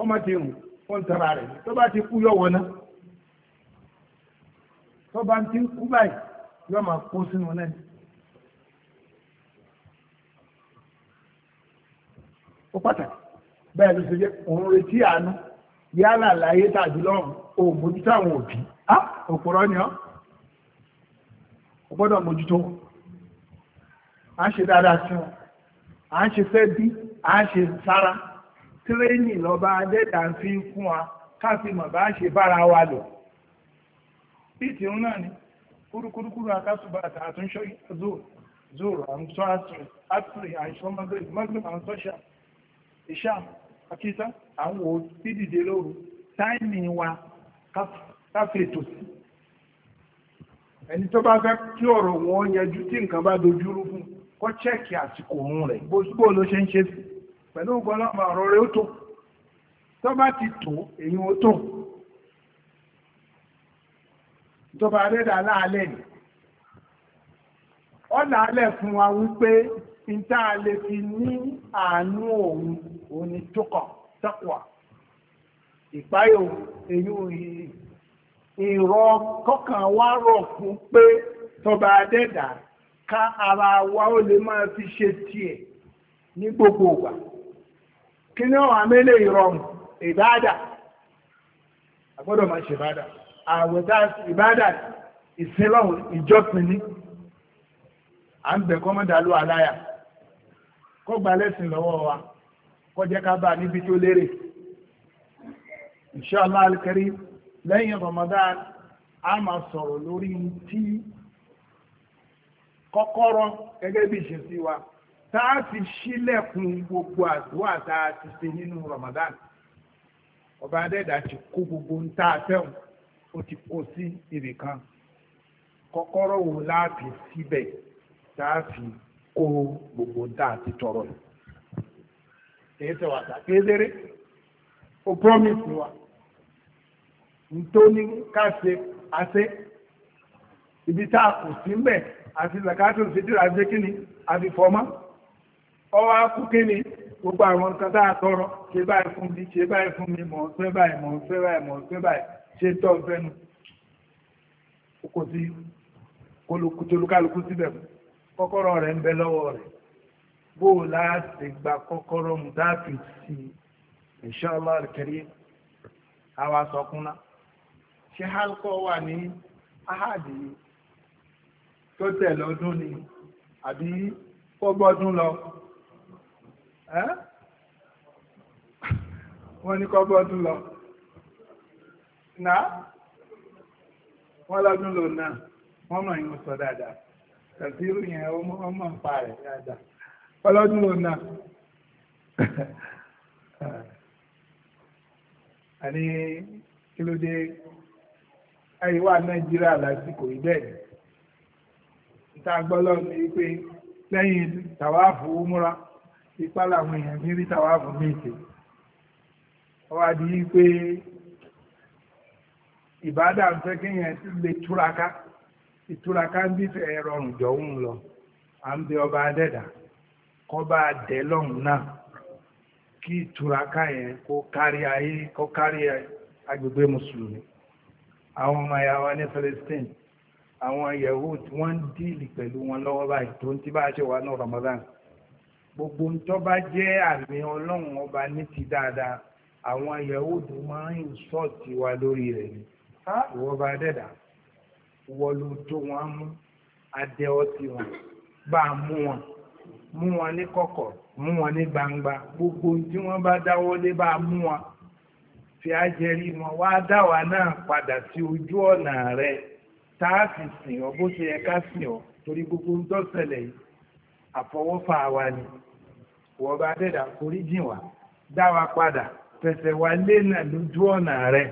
ọmọ ti rùn ó ń rẹ̀ tó bá ti kú yọ̀wọ̀ náà tó bá ti kú báyìí yóò máa kó sínú náà ó pàtàkì bẹ́ẹ̀ ló ṣe jẹ́ òun retí àánú yálà láyé tàbí mójútó àwọn òbí á òpòrọ́ ni ọ́ ò gbọ́dọ̀ mójútó à ń ṣe dáadáa sí wọn à ń ṣe fẹ́ bí à ń ṣe sára tírénì lọ́ba adẹ́ta fi ń fún wa káfí mọ̀ bá ṣe bára wa lò bí ti náà ni kúrúkúrúkúrú akásùbà àtúnṣọ́ zoro àǹtọ́ àtúrì àìsàn magreth magreth àǹtọ́ ṣá ìṣá akíta àwọn ò tí lóru wa sí ẹni tó bá fẹ́ kí ọ̀rọ̀ wọn tí nǹkan bá fún kọ́ chẹ́ẹ̀kì àsìkò òun rẹ̀ bó ló pẹ̀lú ọgbọ́lọ́pàá ọ̀rọ̀ rẹ̀ ó tó tó bá ti tó èyí ó tó tó bá rẹ́dà láàlẹ́ ni fún wa wípé n tá a lè fi ní àánú òun òun tókọ̀ ìpáyò èyí òyìn ìrọ̀ kọ́kàn wá rọ̀ fún pé ká ara wa ó lè máa kí ní ọ̀wà mẹ́lẹ̀ ìrọ̀rùn ìbádà àgbọ́dọ̀ máa ṣe ìbádà àwẹ̀dá ìbádà ìsinlọ́hùn ìjọpin ní à ń bẹ̀ kọ́mọ́dàlú aláyà kó gba lẹ́sìn lọ́wọ́ wa kó jẹ́ ká bá níbi tó lérè inshallah al-karim lẹ́yìn Ramadan a máa sọ̀rọ̀ lórí tí kọ́kọ́rọ́ gẹ́gẹ́ bí ìṣesí wa táà ti ṣílẹ̀kùn gbogbo àdúrà táà ṣe nínú Ramadan ọba adẹ́dà ti kó gbogbo ń tá a fẹ́hùn ó ti kó sí ibì kan kọ́kọ́rọ́ wo láti síbẹ̀ táà fi kó gbogbo ń tá a ti tọrọ yìí èyí tẹ wà sá kézéré ó promise wa ntóni ká ṣe àṣẹ ibi tá a kù sí mbẹ àti zakato fìdí àti kíni àti fọmọ. ọwọ́ akú kíni gbogbo àwọn nǹkan tá a tọrọ ṣe báyìí fún mi ṣe báyìí fún mi mọ̀ ọ́n fẹ́ báyìí mọ̀ ọ́n fẹ́ báyìí mọ̀ fẹ́ báyìí ṣe tọ́ fẹ́nu rẹ̀ ń bẹ lọ́wọ́ rẹ̀ bó o láti gba kọ́kọ́rọ́ mu àwa sọkúnná ṣé wà ní tó tẹ̀ lọ́dún lọ. wọ́n ní kọ́bọ́dún lọ náà wọ́n lọ́dún lò náà wọ́n mọ̀ sọ dáadáa yẹn ọmọ ń pa rẹ̀ dáadáa wọ́n lọ́dún àní kí ló dé nàìjíríà lásìkò ìbẹ́ẹ̀ níta gbọ́lọ́ ní pé lẹ́yìn tàwáàfù múra ipá làwọn èèyàn ní rí tàwa fún méje ọwọ́ adi yí pé ìbádà ń fẹ́ kéèyàn ti lè túraká ìtúraká ń bí fẹ́ rọrùn jọ̀hún lọ à ń bẹ ọba adẹ́dà kọ́ba adẹ́ lọ́hùn náà kí ìtúraká yẹn kó kárí ayé kó kárí agbègbè mùsùlùmí àwọn ọmọ ẹ̀yà wa ní Palestine àwọn Yahudi wọ́n ń díìlì pẹ̀lú wọn lọ́wọ́ báyìí tó ń tí bá ṣe wà ní Ramadan gbogbo ń tó bá jẹ́ àmì ọlọ́run ọba ní ti dáadáa àwọn yahudu máa ń sọ́ọ̀tì wa lórí rẹ̀ ni ìwọ bá dẹ́dà wọ́n ló tó wọn mú adé ọtí wọn bá a mú wọn mú wọn ní kọ̀kọ̀ mú wọn ní gbangba gbogbo tí wọ́n bá dáwọ́ bá a mú wọn fi ajẹ́rí wọn wá dá wa náà padà sí ojú ọ̀nà rẹ̀ tá a fi sìn ọ́ bó ṣe yẹ ká sìn ọ́ torí gbogbo ń tọ́ ṣẹlẹ̀ yìí àfọwọ́fà wa ni wọ́n bá dẹ́dà foríjìn wa dá wa padà fẹsẹ̀ wa lẹ́nà lójú ọ̀nà rẹ̀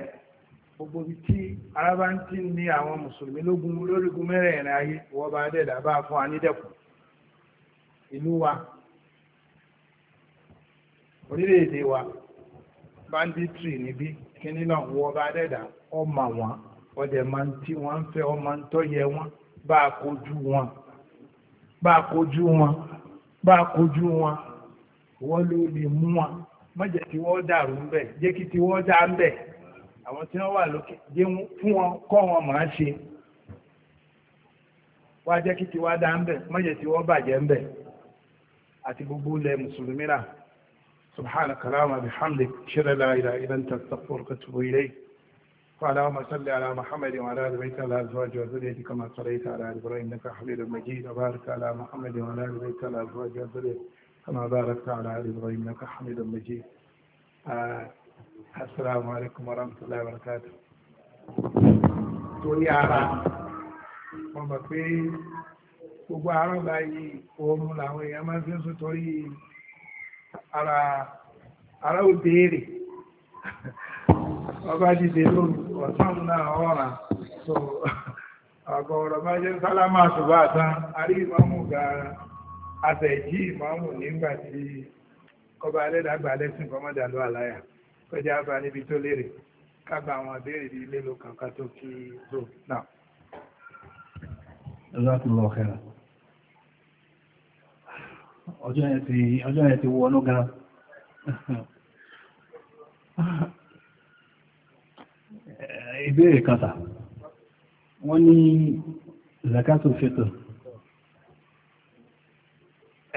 gbogbo ibi tí araba ń tí ní àwọn mùsùlùmí lógun lórígun mẹ́rẹ̀ẹ̀rin ayé wọ́n bá dẹ́dà bá fún wa nídẹ̀kùn ìlú wa orílẹ̀-èdè wa banditry níbí kíní náà wọ́n bá dẹ́dà ọmọ wọn ọdẹ máa ń tí wọ́n ń fẹ́ ọmọ ń tọ́ yẹ wọn bá a kojú wọn bá kojú wọn bá kojú wọn wọ́n ló lè mú wọn mọ́jẹ̀ tí wọ́n dàrú ń bẹ̀ jẹ́ kí tí wọ́n dá ń bẹ̀ àwọn tí wọ́n wà lókè jẹ́ fún wọn kọ́ wọn máa ṣe wá jẹ́ kí tí wọ́n dá ń bẹ̀ mọ́jẹ̀ tí wọ́n bàjẹ́ ń bẹ̀ àti gbogbo ilẹ̀ mùsùlùmí náà subhanaka allahumma bihamdik shada la ilaha illa anta astaghfiruka wa atubu فاللهم صل على محمد وعلى ال بيت على ازواج وذريته كما صليت على ال ابراهيم انك حميد مجيد وبارك على محمد وعلى ال بيت على ازواج وذريته كما باركت على ال ابراهيم انك حميد مجيد السلام عليكم ورحمه الله وبركاته torí ara wọn mọ̀ pé gbogbo àárọ̀ báyìí oorun làwọn èèyàn máa ń fi ń sùn torí ara ara ò béèrè ọba dìde lóru ọ̀sán náà ọ̀rà so ọ̀gọ̀ ọ̀rọ̀ bá jẹ́ sálámà tó bá tán arí ìmọ̀mù gara àtẹ̀jí ìmọ̀mù nígbà tí ọba alẹ́dàgbà lẹ́sìn kọ́mọ́dàlú àláyà kọjá bá níbi tó lérè kábà àwọn abéèrè tó ìbéèrè kan tà wọ́n ní zakato fẹ́tọ̀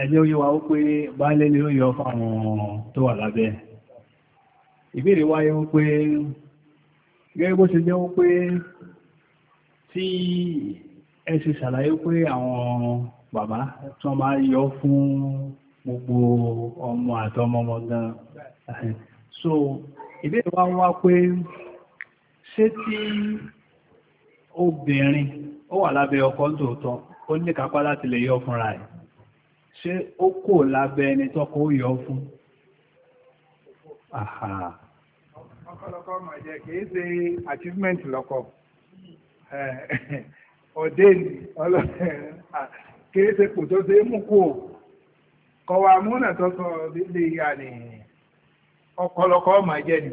ẹjẹ́ oyé wa ó pé báálẹ́ ni ó yọ fáwọn tó wà lábẹ́ ìbéèrè wáyé ó pé gẹ́gẹ́ bó ṣe jẹ́ ó pé tí ẹ ṣe ṣàlàyé pé àwọn bàbá tó máa yọ fún gbogbo ọmọ àtọmọmọ gan so ìbéèrè wá wá pé ṣé tí obìnrin ó wà lábẹ́ ọkọ tòótọ́ ó ní kápá láti lè yọ fúnra ẹ̀ ṣé ó kò lábẹ́ ẹni tọ́kọ ó yọ fún ọkọlọkọ mà jẹ́ kìí ṣe achievement lọ́kọ ọ̀dẹ́ni kìí ṣe kò tó ṣe mú kú o kọwa múnà tó lè yà ní ọkọlọkọ mà jẹ́ ni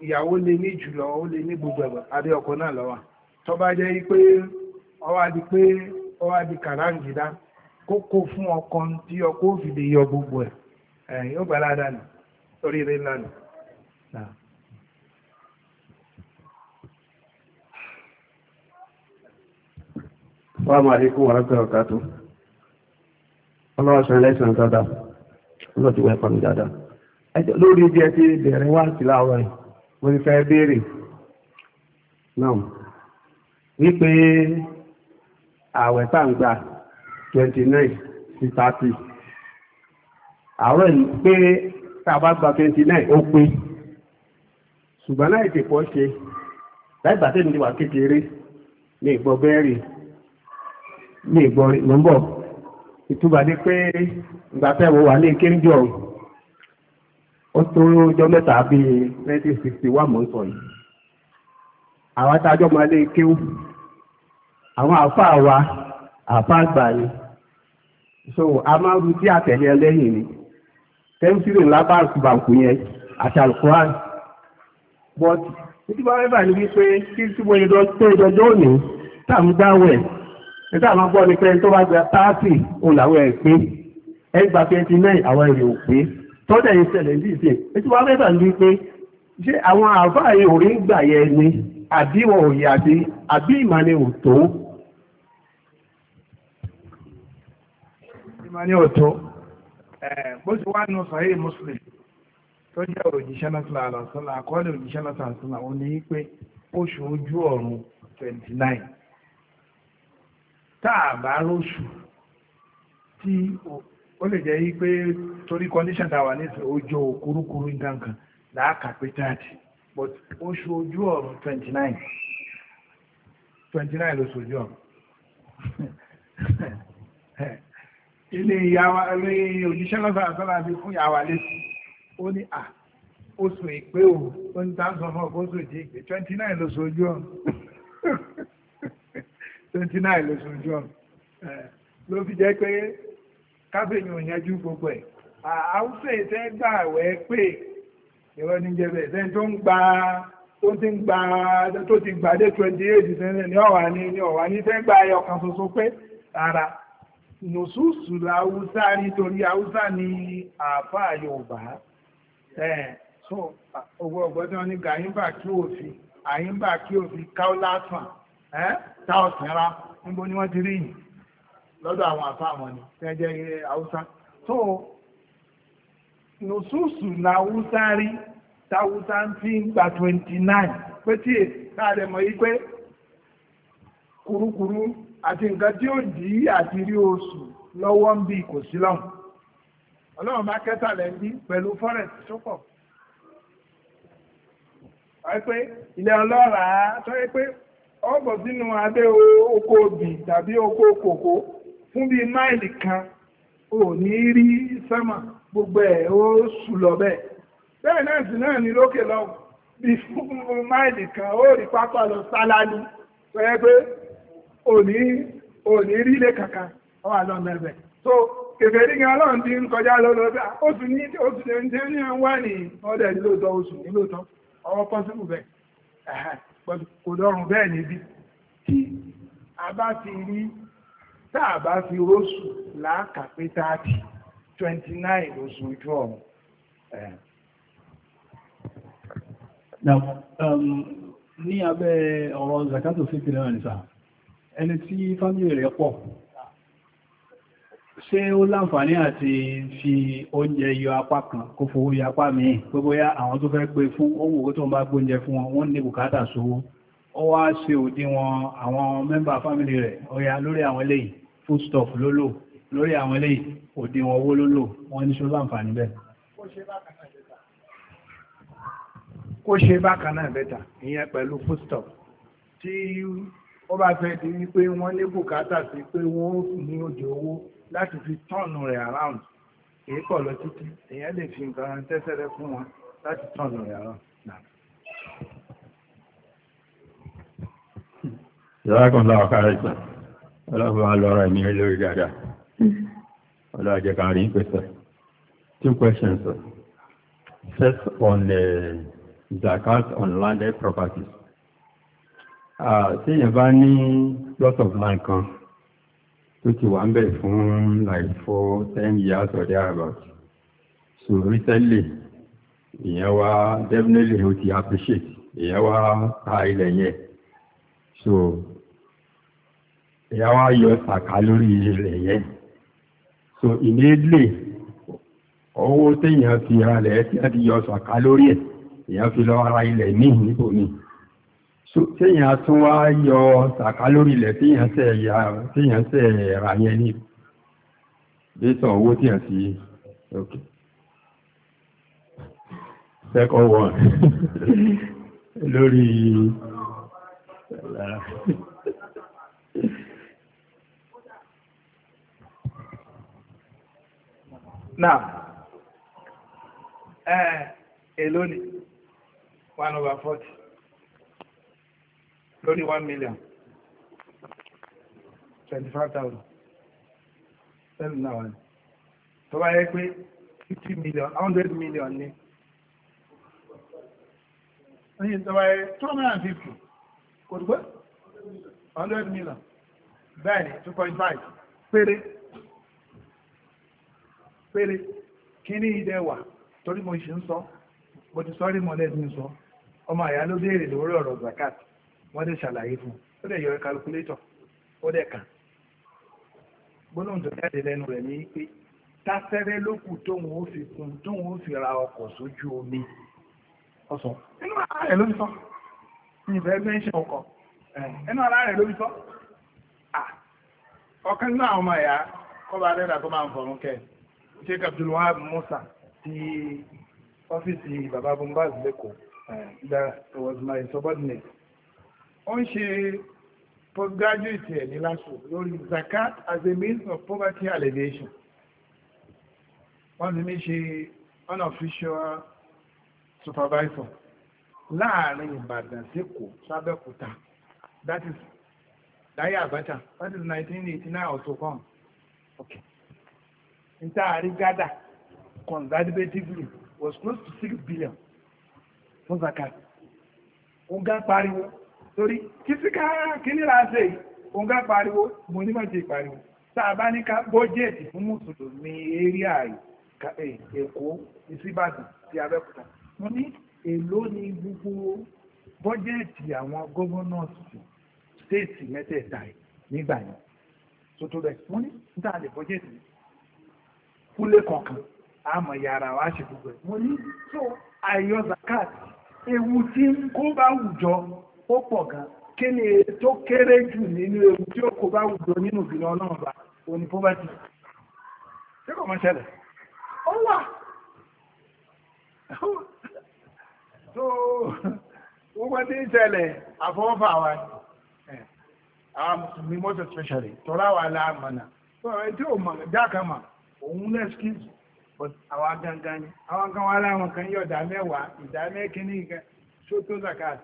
ìyàwó lè ní jùlọ ó lè ní gbogbo ẹ̀bọ̀ adé ọkọ̀ náà lọ́wọ́ tó bá jẹ́ pé ọwá di pé ọwá di kàráǹgìdá kókó fún ọkọ̀ tí ọkọ fi lè yọ gbogbo ẹ̀ yóò gbà ládàá nù ńlá nù. Ọlọ́wọ́ Lórí ibi ẹ ti bẹ̀rẹ̀ wá sí mo ti fẹ́ béèrè náà wípé ààwẹ̀ tá ń gbà twenty nine sí thirty àárọ̀ yìí pé tá a bá gba twenty nine ó pé ṣùgbọ́n láì tètè pọ̀ ṣe láì bàtẹ́ mi ti wà kékeré ní ìgbọ́ bẹ́ẹ̀rì ní ìgbọ́ ìgbọ́nbọ̀ ìtúbà ni pé ìgbà tẹ́ mo wà ní kéńjọ́ ọ̀hún ó tó ọjọ́ mẹ́ta bí 1961 mọ́ sọ yìí àwọn atájọ́ máa lé kéwù àwọn àfáà wa àfáà àgbà ni so a máa ń ru tí àtẹ̀lé ẹlẹ́yìn ni tẹ́ńsìrì ńlá bá bàǹkù yẹn àti alukuran but títí bá wẹ́bà ní wípé kí tí mo yẹn tó ìjọjọ́ òní táàmù dáwẹ̀ nígbà máa gbọ́ ni pé tó bá gba 30 òun làwọn ẹ̀ pé ẹgbà 29 àwọn èrè ò pé tọ́jà yìí ṣẹlẹ̀ ní ìsìn ètò ní pé ṣé àwọn àfáàyè orí ni àbí àbí bó ti wá nù mùsùlùmí tó jẹ́ náà àkọọ́lẹ̀ náà pé oṣù ojú ọ̀run a lóṣù tí ó lè jẹ́ yí pé torí condition tàwa ní ọjọ́ kúrúkúrú nǹkan kan láàkà pé thirty but oṣù ojú ọ̀run twenty nine twenty nine lóṣù ojú ọ̀run ilé ìyàwó ilé òjíṣẹ́ lọ́sàn àtọ́lá àti fún ìyàwó létí ó ní à oṣù ìpé o ó ní táwọn sọ fún ọkọ oṣù ìdí ìpè twenty nine lóṣù ọ̀run twenty nine lóṣù ọ̀run ló fi jẹ́ pé kábẹ̀yìn òyìnjú gbogbo ẹ̀ àwùsọ̀ ìfẹ́ gbà wẹ́ pé ìwọ ní jẹ́bẹ̀ ìfẹ́ tó ń gba tó ti gba tó ti gba dé twenty eight sẹ́yìn ní ọ̀wà ní ní ọ̀wà ní fẹ́ gba ẹyọ kan ṣoṣo pé rárá nùsùsù làwùsá nítorí àwùsá Yorùbá so owó ọgbọ́dọ̀ ní gàyínbà kí kí káwọ́ lásán níbo ni wọ́n ti rí yìí. lọ́dọ̀ àwọn afọ àwọn ni tẹ́ jẹ́ tó nùsùsù na haúsá rí táwùsá fi ń gba 29 pé tí káàdé mọ̀ yí pé kurukuru àti nǹkan tí ó dì í àti rí oṣù lọ́wọ́ ń bí kò sí lọ́hùn ọlọ́run bá pẹ̀lú forest tó pọ̀ oko obì tàbí oko kòkó. fún bí máìlì kan ò ní rí sámà gbogbo ẹ̀ ó sù lọ bẹ́ẹ̀ bẹ́ẹ̀ náà sì náà ní lókè lọ bí fún máìlì kan ó rí pápá lọ sálálú pé ò ní rí ilé kankan ó wà so kèfè ní gan ọlọ́run ti ń kọjá lọ́lọ́dọ́ oṣù ní oṣù ní ṣe ní wà ní ọdẹ nílòótọ́ oṣù nílòótọ́ ọwọ́ bẹ́ẹ̀ tá a bá fi róṣù láàkà pé twenty nine oṣù ojú ọ̀run. Um, ní abẹ́ ọ̀rọ̀ zakato fífi náà nìta ẹni tí fámílì rẹ̀ pọ̀ ṣé ó láǹfààní àti fi oúnjẹ yọ apá kan kó fowó yọ apá míì pé bóyá àwọn tó fẹ́ gbé fún owó tó ń bá gbóúnjẹ fún wọn wọ́n ní bùkátà sówó. So ó wá ṣe òdiwọ̀n àwọn mẹ́mbà fámílì rẹ̀ ọya lórí àwọn eléyìí food stuff ló lò lórí àwọn eléyìí òdiwọ̀n owó ló lò wọ́n ní ṣọ́lá àǹfààní bẹ́ẹ̀. kó ṣe bákan náà bẹ́tà ìyẹn pẹ̀lú food stuff tí ó bá fẹ́ di wípé wọ́n ní bùkátà sí pé wọ́n ní òjò owó láti fi tọ́ọ̀nù rẹ̀ around èyí pọ̀ lọ títí èyàn lè fi nǹkan tẹ́sẹ̀rẹ́ fún wọn láti tọ́ọ̀nù rẹ̀ around. ìzákùn láwọ̀ kárẹ́sà ọlọ́pàá lọ́rọ̀ ẹ̀mí lórí dáadáa ọlọ́jẹ̀kárí pẹ̀sẹ̀ two questions first on the uh, zakat on landed properties tí èèyàn bá ní lot of land kan tó ti wà ń bẹ̀ fún like four ten years or thereabouts so recently èèyàn wá definitely ó ti appreciate èèyàn wá ta ilẹ̀ yẹn so ẹ̀yà wá yọ sàkà lórí ilẹ̀ yẹn so immediately owó téèyàn fi ra lẹ̀ tí a ti yọ sàkà lórí ẹ̀ èèyàn fi lọ ara ilẹ̀ míì níbò míì so téèyàn tún wá yọ sàkà lórí ilẹ̀ téèyàn sẹ̀ ya téèyàn sẹ̀ ra yẹn ní bísọ̀ owó téèyàn sí okay second one lórí. náà ẹ̀ èló ni one over forty lórí one million twenty five thousand seven náà wà ní tó bá yẹ pé fifty million hundred million ni oyin tó bá yẹ two hundred and fifty kò tó hundred million bẹ́ẹ̀ ni two point five péré. péré kí ní ìdẹwà torí mo ṣe ń mo ti sọ́rí mọ́lẹ́ ní sọ ọmọ àyà ló lórí ọ̀rọ̀ zakat wọ́n dẹ̀ ṣàlàyé fún ó dẹ̀ yọ ka. ó dẹ̀ kàn gbólóhùn tó jáde lẹ́nu rẹ̀ ní pé tásẹ́rẹ́ ló tóun ó fi fi ra ọkọ̀ sójú omi ọ̀sán nínú ara rẹ̀ ló fi sọ ìfẹ́ mẹ́ṣẹ̀ ọkọ̀ nínú ara rẹ̀ ló fi sọ ọmọ ẹ̀yà kọ́ba máa sheikh abdulwahab musa ti ọ́fíìsì baba bombaz lẹ́kọ̀ọ́ eh, that was my subordinate ó ń ṣe postgraduate ẹ̀ ní LASU lórí zakat as a means of poverty alleviation wọ́n ti mi ṣe unofficial supervisor láàrin ìbàdàn sẹ́kọ̀ sábẹ́kúta that is daya abacha that is 1989 or so on okay ntaari gada conservatively was close to six billion fún zakat òǹgá pariwo torí kìsíkà kìnìlá ṣe òǹgá pariwo mo ní máa ṣe pariwo tá a bá ní ká bọ́jẹ̀tì fún mùsùlùmí eréà eh, èkó ìsíbàdàn ti abẹ́òkúta mo ní èló ni gbogbo bọ́jẹ̀tì àwọn gọ́vọ́nọ̀sì stéètì mẹ́tẹ̀ẹ̀ta nígbà yẹn tó tó bẹ́ẹ̀ mo ní níta lè bọ́jẹ̀tì yìí kúlé kọ̀ọ̀kan àmọ̀ yàrá wa ṣe gbogbo ẹ̀. mo ní so àyọ zakat ewu tí ń kó bá wùjọ ó pọ̀ gan kí ni tó kéré jù nínú ewu tí ó kó bá wùjọ nínú ìbílẹ̀ ọlọ́run bá òní poverty. ṣé kò mọ ṣẹlẹ̀? ó wà tó gbogbo tí ń ṣẹlẹ̀ àfọwọ́fà wa ni àwọn mùsùlùmí most especially tọ́lá wa la mọ̀nà tí mọ̀ jákàmọ̀ òun lẹ́skìsì but àwọn gangan ni àwọn kan wá láwọn kan yọ ìdá mẹ́wàá ìdá mẹ́kíní nǹkan tó tó zakat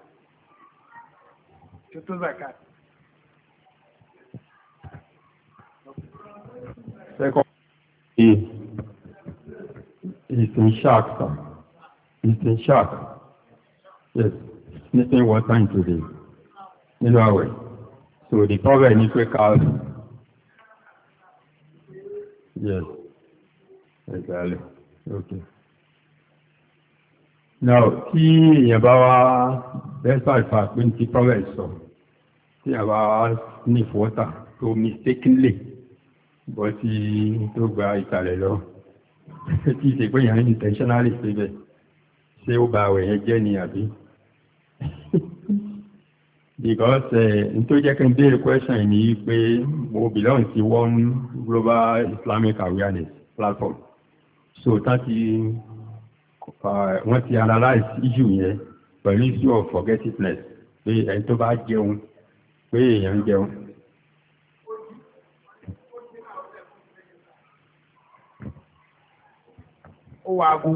tó tó zakat. Second is istinshaq sir istinshaq yes sniffing water into the nínú àwẹ̀ so the problem ni pé ká yes ẹ̀gbàlẹ̀ òkè náà kí èèyàn bá wá best alpha pé ní ti prophet sọ tí èèyàn bá wá ní ìfọ́tà tó mistakenly bọ́ sí tó gba ìtàlẹ̀ lọ tí ìṣe pé èèyàn intentionally ṣe bẹ́ẹ̀ ṣé ó ba àwẹ̀ yẹn jẹ́ ni àbí because eh, n tó jẹ́ kí n béèrè question yìí ni pé mo belong sí one global islamic awareness platform so tàbí wọ́n ti analyze issue yẹn pẹ̀lú issue of forgetfulness pé ẹni tó bá jẹun pé èèyàn jẹun ó wá agbó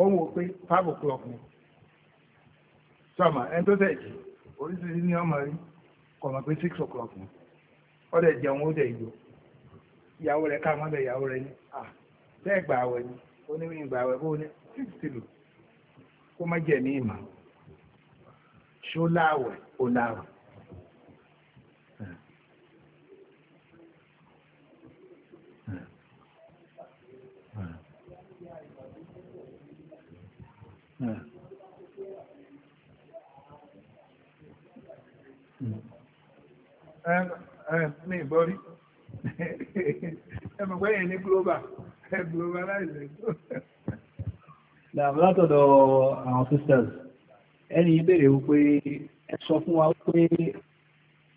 ó ń wo pé five o'clock ni sọmọ ẹni tó tẹ̀ jì oríṣiríṣi ní ọmọ rí kọ̀mọ̀ pé six o'clock ni ó dẹ̀ jẹun ó dẹ̀ ìjọ ìyàwó rẹ̀ ká mọ́ bẹ̀ ìyàwó rẹ̀ ní tẹ́ gbà àwẹ̀ ni onímọ̀ ìgbà àwẹ̀ bó ní sixty lò kó má jẹ̀ ní ìmọ̀ ṣó láwẹ̀ ó láwẹ̀. Mi ìbọrí, ẹ̀mọ̀gbẹ́yìn ní global globalize látọ̀dọ̀ àwọn sisters ẹni ìbéèrè wípé ẹ sọ fún wa pé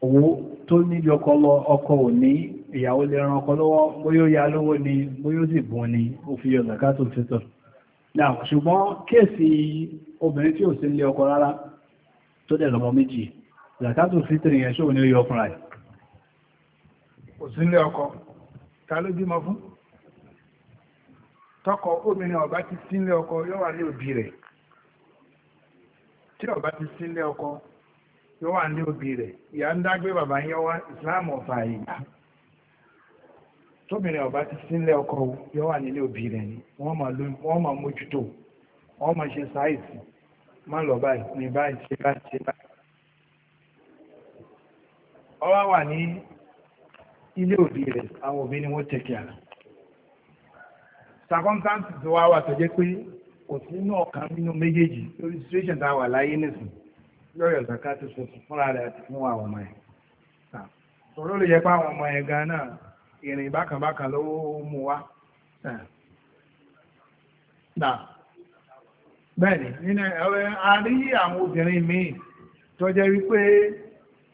owó tó níbi ọkọ lọ ọkọ ò ní ìyàwó lè ran ọkọ lọ́wọ́ bóyó ya lówó ni bóyó sì bùn ni ó fi yọ zakato títọ̀ náà ṣùgbọ́n kéèsì obìnrin tí ò sí ilé ọkọ rárá tó dẹ̀ lọ́mọ méjì zakato títọ̀ yẹn ṣóò ní ó yọ ọkùnrin rẹ̀ kò sí ilé ọkọ ta ló bímọ fún tọkọ obìnrin ọba ti sínlé ọkọ yóò wà ní òbí tí ọba ti ọkọ yóò wà ní òbí ìyá ń ọba ti ọkọ yóò wà nílé òbí ni wọ́n máa mójútó wọ́n máa ṣe sáìsì má lọ báyìí ní báyìí ṣe báyìí ṣe wà ní ilé òbí rẹ àwọn òbí ni wọ́n àná. circumstances tó wá wà tó jẹ́ pé kò sí inú ọ̀kan nínú méjèèjì lórí situation tá a wà láyé nìsín lórí ọ̀sán ká tó sọ fúnra rẹ̀ àti fún àwọn ọmọ ẹ̀ sọ̀rọ̀ ló yẹ pé àwọn ọmọ ẹ̀ gan náà ìrìn bákànbákàn ló mú wá bẹ́ẹ̀ni nínú ẹ̀rẹ́ a rí àwọn obìnrin míì tó jẹ́ wípé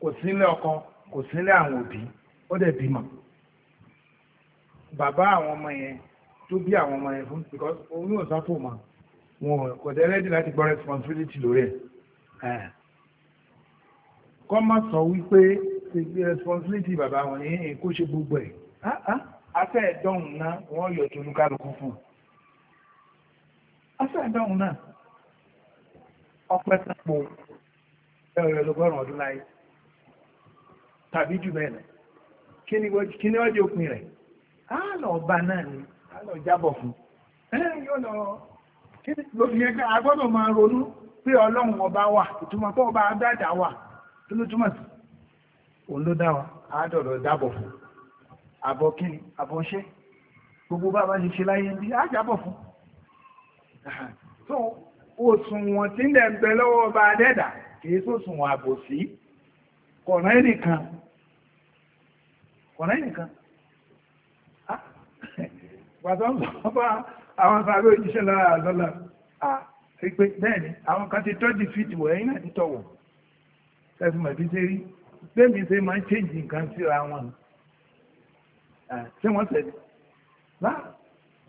kò sílẹ̀ ọkọ kò sílẹ̀ àwọn òbí ó dẹ̀ bímọ bàbá àwọn ọmọ yẹn tó bí àwọn ọmọ yẹn fún because òun yóò sá fòmà wọn kò dé ready láti gbọ́ responsibility lórí ẹ̀ kọ́ má sọ wípé ṣègbè responsibility bàbá wọn ní èkó ṣe gbogbo ẹ̀ afẹ́ ẹ̀dọ́hùn náà wọ́n yọ̀ tó lúkálùkù fún afẹ́ ẹ̀dọ́hùn náà ọpẹ́ sápò ẹ̀rọ lọ́gọ́rùn ọdún láyé tàbí jù bẹ́ẹ̀ lọ kí ni wọ́n jẹ́ òpin rẹ̀ á lọ bá náà ni lọ jábọ̀ fún yóò lọ lóbi yẹn a gbọ́dọ̀ máa ronú pé ọlọ́run ọba wà ìtumọ̀ pé ọba adájà wà tó ló túmọ̀ sí òun ló dá wa àádọ́rọ̀ dábọ̀ fún àbọ̀ kí ni àbọ̀ ṣe gbogbo bá bá ṣe ṣe láyé bí á jábọ̀ fún so òṣùwọ̀n tí ń lẹ̀ ń bẹ lọ́wọ́ ọba adẹ́dà kìí tó sùn àbòsí kọ̀ọ̀rán ẹnìkan kọ̀ọ̀rán ẹnìkan pàtàkì sọ bá àwọn sàárò ìjíṣẹ́ lára àlọ́lá pé bẹ́ẹ̀ni àwọn kan ti tọ́jú fíìtì wọ̀ ẹ̀yìn náà ti tọ̀wọ̀ ẹ̀sùn mọ̀ bí ṣe rí bẹ́ẹ̀ni ṣe máa ń ṣèǹjì nǹkan síra wọn ṣé wọ́n tẹ̀lé láà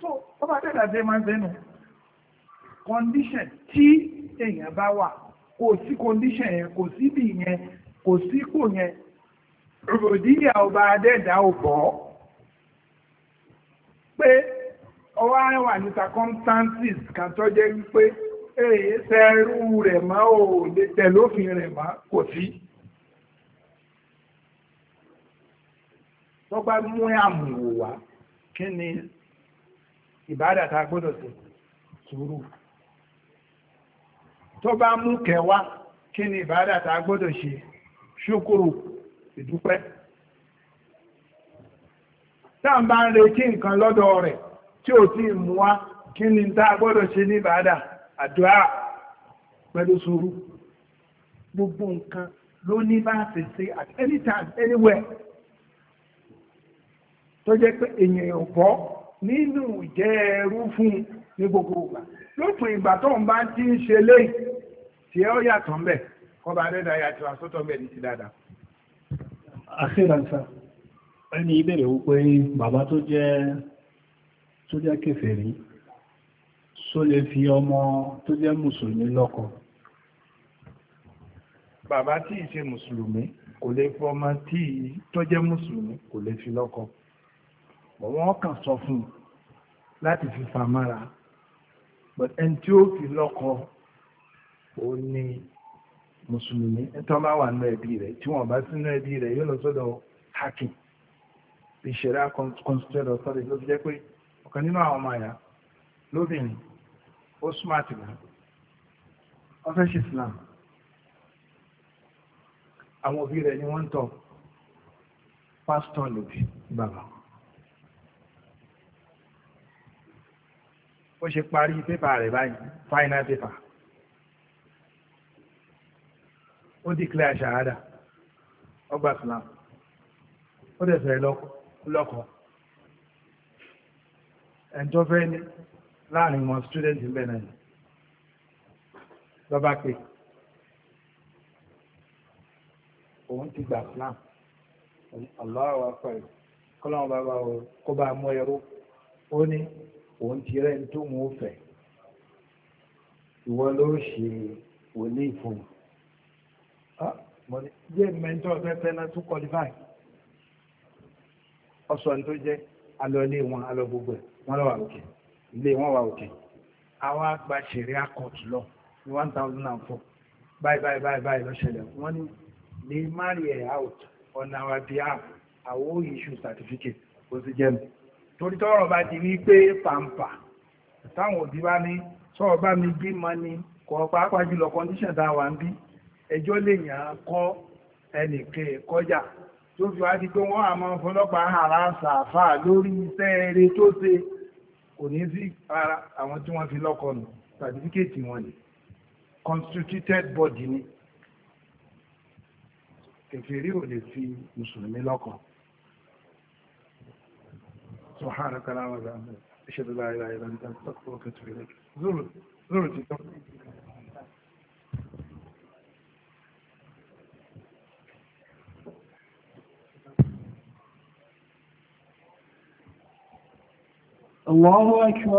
tó ọba dẹ́gbà ṣe máa ń sẹ́nu condition tí èèyàn bá wà kò sí condition yẹn kò síbì yẹn kò sípò yẹn òbòdìyà ọba adẹ́dàá ò bọ́ pé ọwọ́ àrẹwà ní circumstances kan tó jẹ́ wípé èyí sẹ́rú rẹ̀ mọ́ ò lè tẹ̀lófin rẹ̀ mọ́ kò sí. tó bá mú àmùwò wá kí ni ìbádà tá gbọ́dọ̀ sí sùúrù tó bá mú kẹwàá kí ni ìbádà gbọ́dọ̀ ṣe ṣúkúrù ìdúpẹ́ táà bá ń retí nǹkan lọ́dọ̀ rẹ̀ tí ò tí mú wá kí ni tá a gbọ́dọ̀ ṣe ní ìbádà àdúrà pẹ̀lú sùúrù gbogbo nǹkan ló ní bá ṣe ṣe at any time anywhere tó jẹ́ pé èèyàn bọ́ nínú ìjẹ́ ẹrú fún ní gbogbo ìgbà lópin ìgbà tó ń bá ti ń ṣe léyìí tí ó yàtọ̀ ń bẹ̀ kọba adẹ́dàá yàtọ̀ àsọ́tọ̀ ń bẹ̀ ní ti dáadáa. àṣírí ẹni ìbẹ̀rẹ̀ wípé bàbá tó jẹ́ tó jẹ́ kèfèrí só lè fi ọmọ tó jẹ́ mùsùlùmí lọ́kọ bàbá tí ì ṣe mùsùlùmí kò lè fi ọmọ tí ì tó jẹ́ mùsùlùmí kò lè fi lọ́kọ wọ́n kàn sọ fún láti fi fàmára but ẹni tí ó fi lọ́kọ ó ní mùsùlùmí ẹni tó bá wà nínú ẹbí rẹ̀ tí wọ́n bá sínú ẹbí rẹ̀ yóò lọ sọ́dọ̀ hakim ìṣẹ̀rá constituted authority ló fi jẹ́ pé ọ̀kan nínú àwọn ọmọ àyà lóbìnrin ó smart gan ó fẹ́ ṣe Islam àwọn òbí rẹ̀ ni wọ́n ń tọ̀ pásítọ̀ lòbí bàbá ó ṣe parí pépà rẹ̀ báyìí final paper ó declare shahada ó gba Islam ó dẹ̀ fẹ́ lọ́kọ̀ọ́ lọ́kọ̀ ẹ̀jọ́ fẹ́ ní láàrin wọn student ń bẹ̀ náà ni lọ́ba pé òun ti gbà flam aláwọ̀ apáyọ̀ kọ́láwọn bàbá o kó bá mú ẹrú ó ní òun ti rẹ́ tó mú fẹ̀ ìwọ ló ṣe wòlé ìfún mi. Ah, mo ní jẹ́ mẹ́ńtọ́ fẹ́fẹ́ náà tún qualify ọsọ tó jẹ́ alọ ilé wọn alọ gbogbo ẹ̀ wọ́n lọ wà òkè ilé wọn wà òkè àwọn àgbà ṣẹ̀rí akọ̀tù lọ ní one thousand and four báyìí báyìí báyìí báyìí lọ ṣẹlẹ̀ wọ́n ní ní marry ẹ̀ out on our behalf àwọn issue certificate kò sí jẹ́ mi torí tọ́rọ̀ bá ti rí pé pàǹpà táwọn òbí bá ní sọ̀rọ̀ bá mi bímọ ni kò pàápàá jùlọ condition tá a wà ń bí ẹjọ́ lè yàn án kọ́ ẹnìkan kọjá tó fi wá di pé wọ́n àmọ́ fọlọ́pàá ara sàfà lórí iṣẹ́ eré tó ṣe kò ní sí ara àwọn tí wọ́n fi lọ́kọ̀ nù sàtífíkètì wọn ni constituted body ni kèfèrí ò lè fi mùsùlùmí lọ́kọ̀ سبحانك اللهم وبحمدك اشهد ان لا اله الا انت استغفرك واتوب اليك زور زور Allahu Akbar.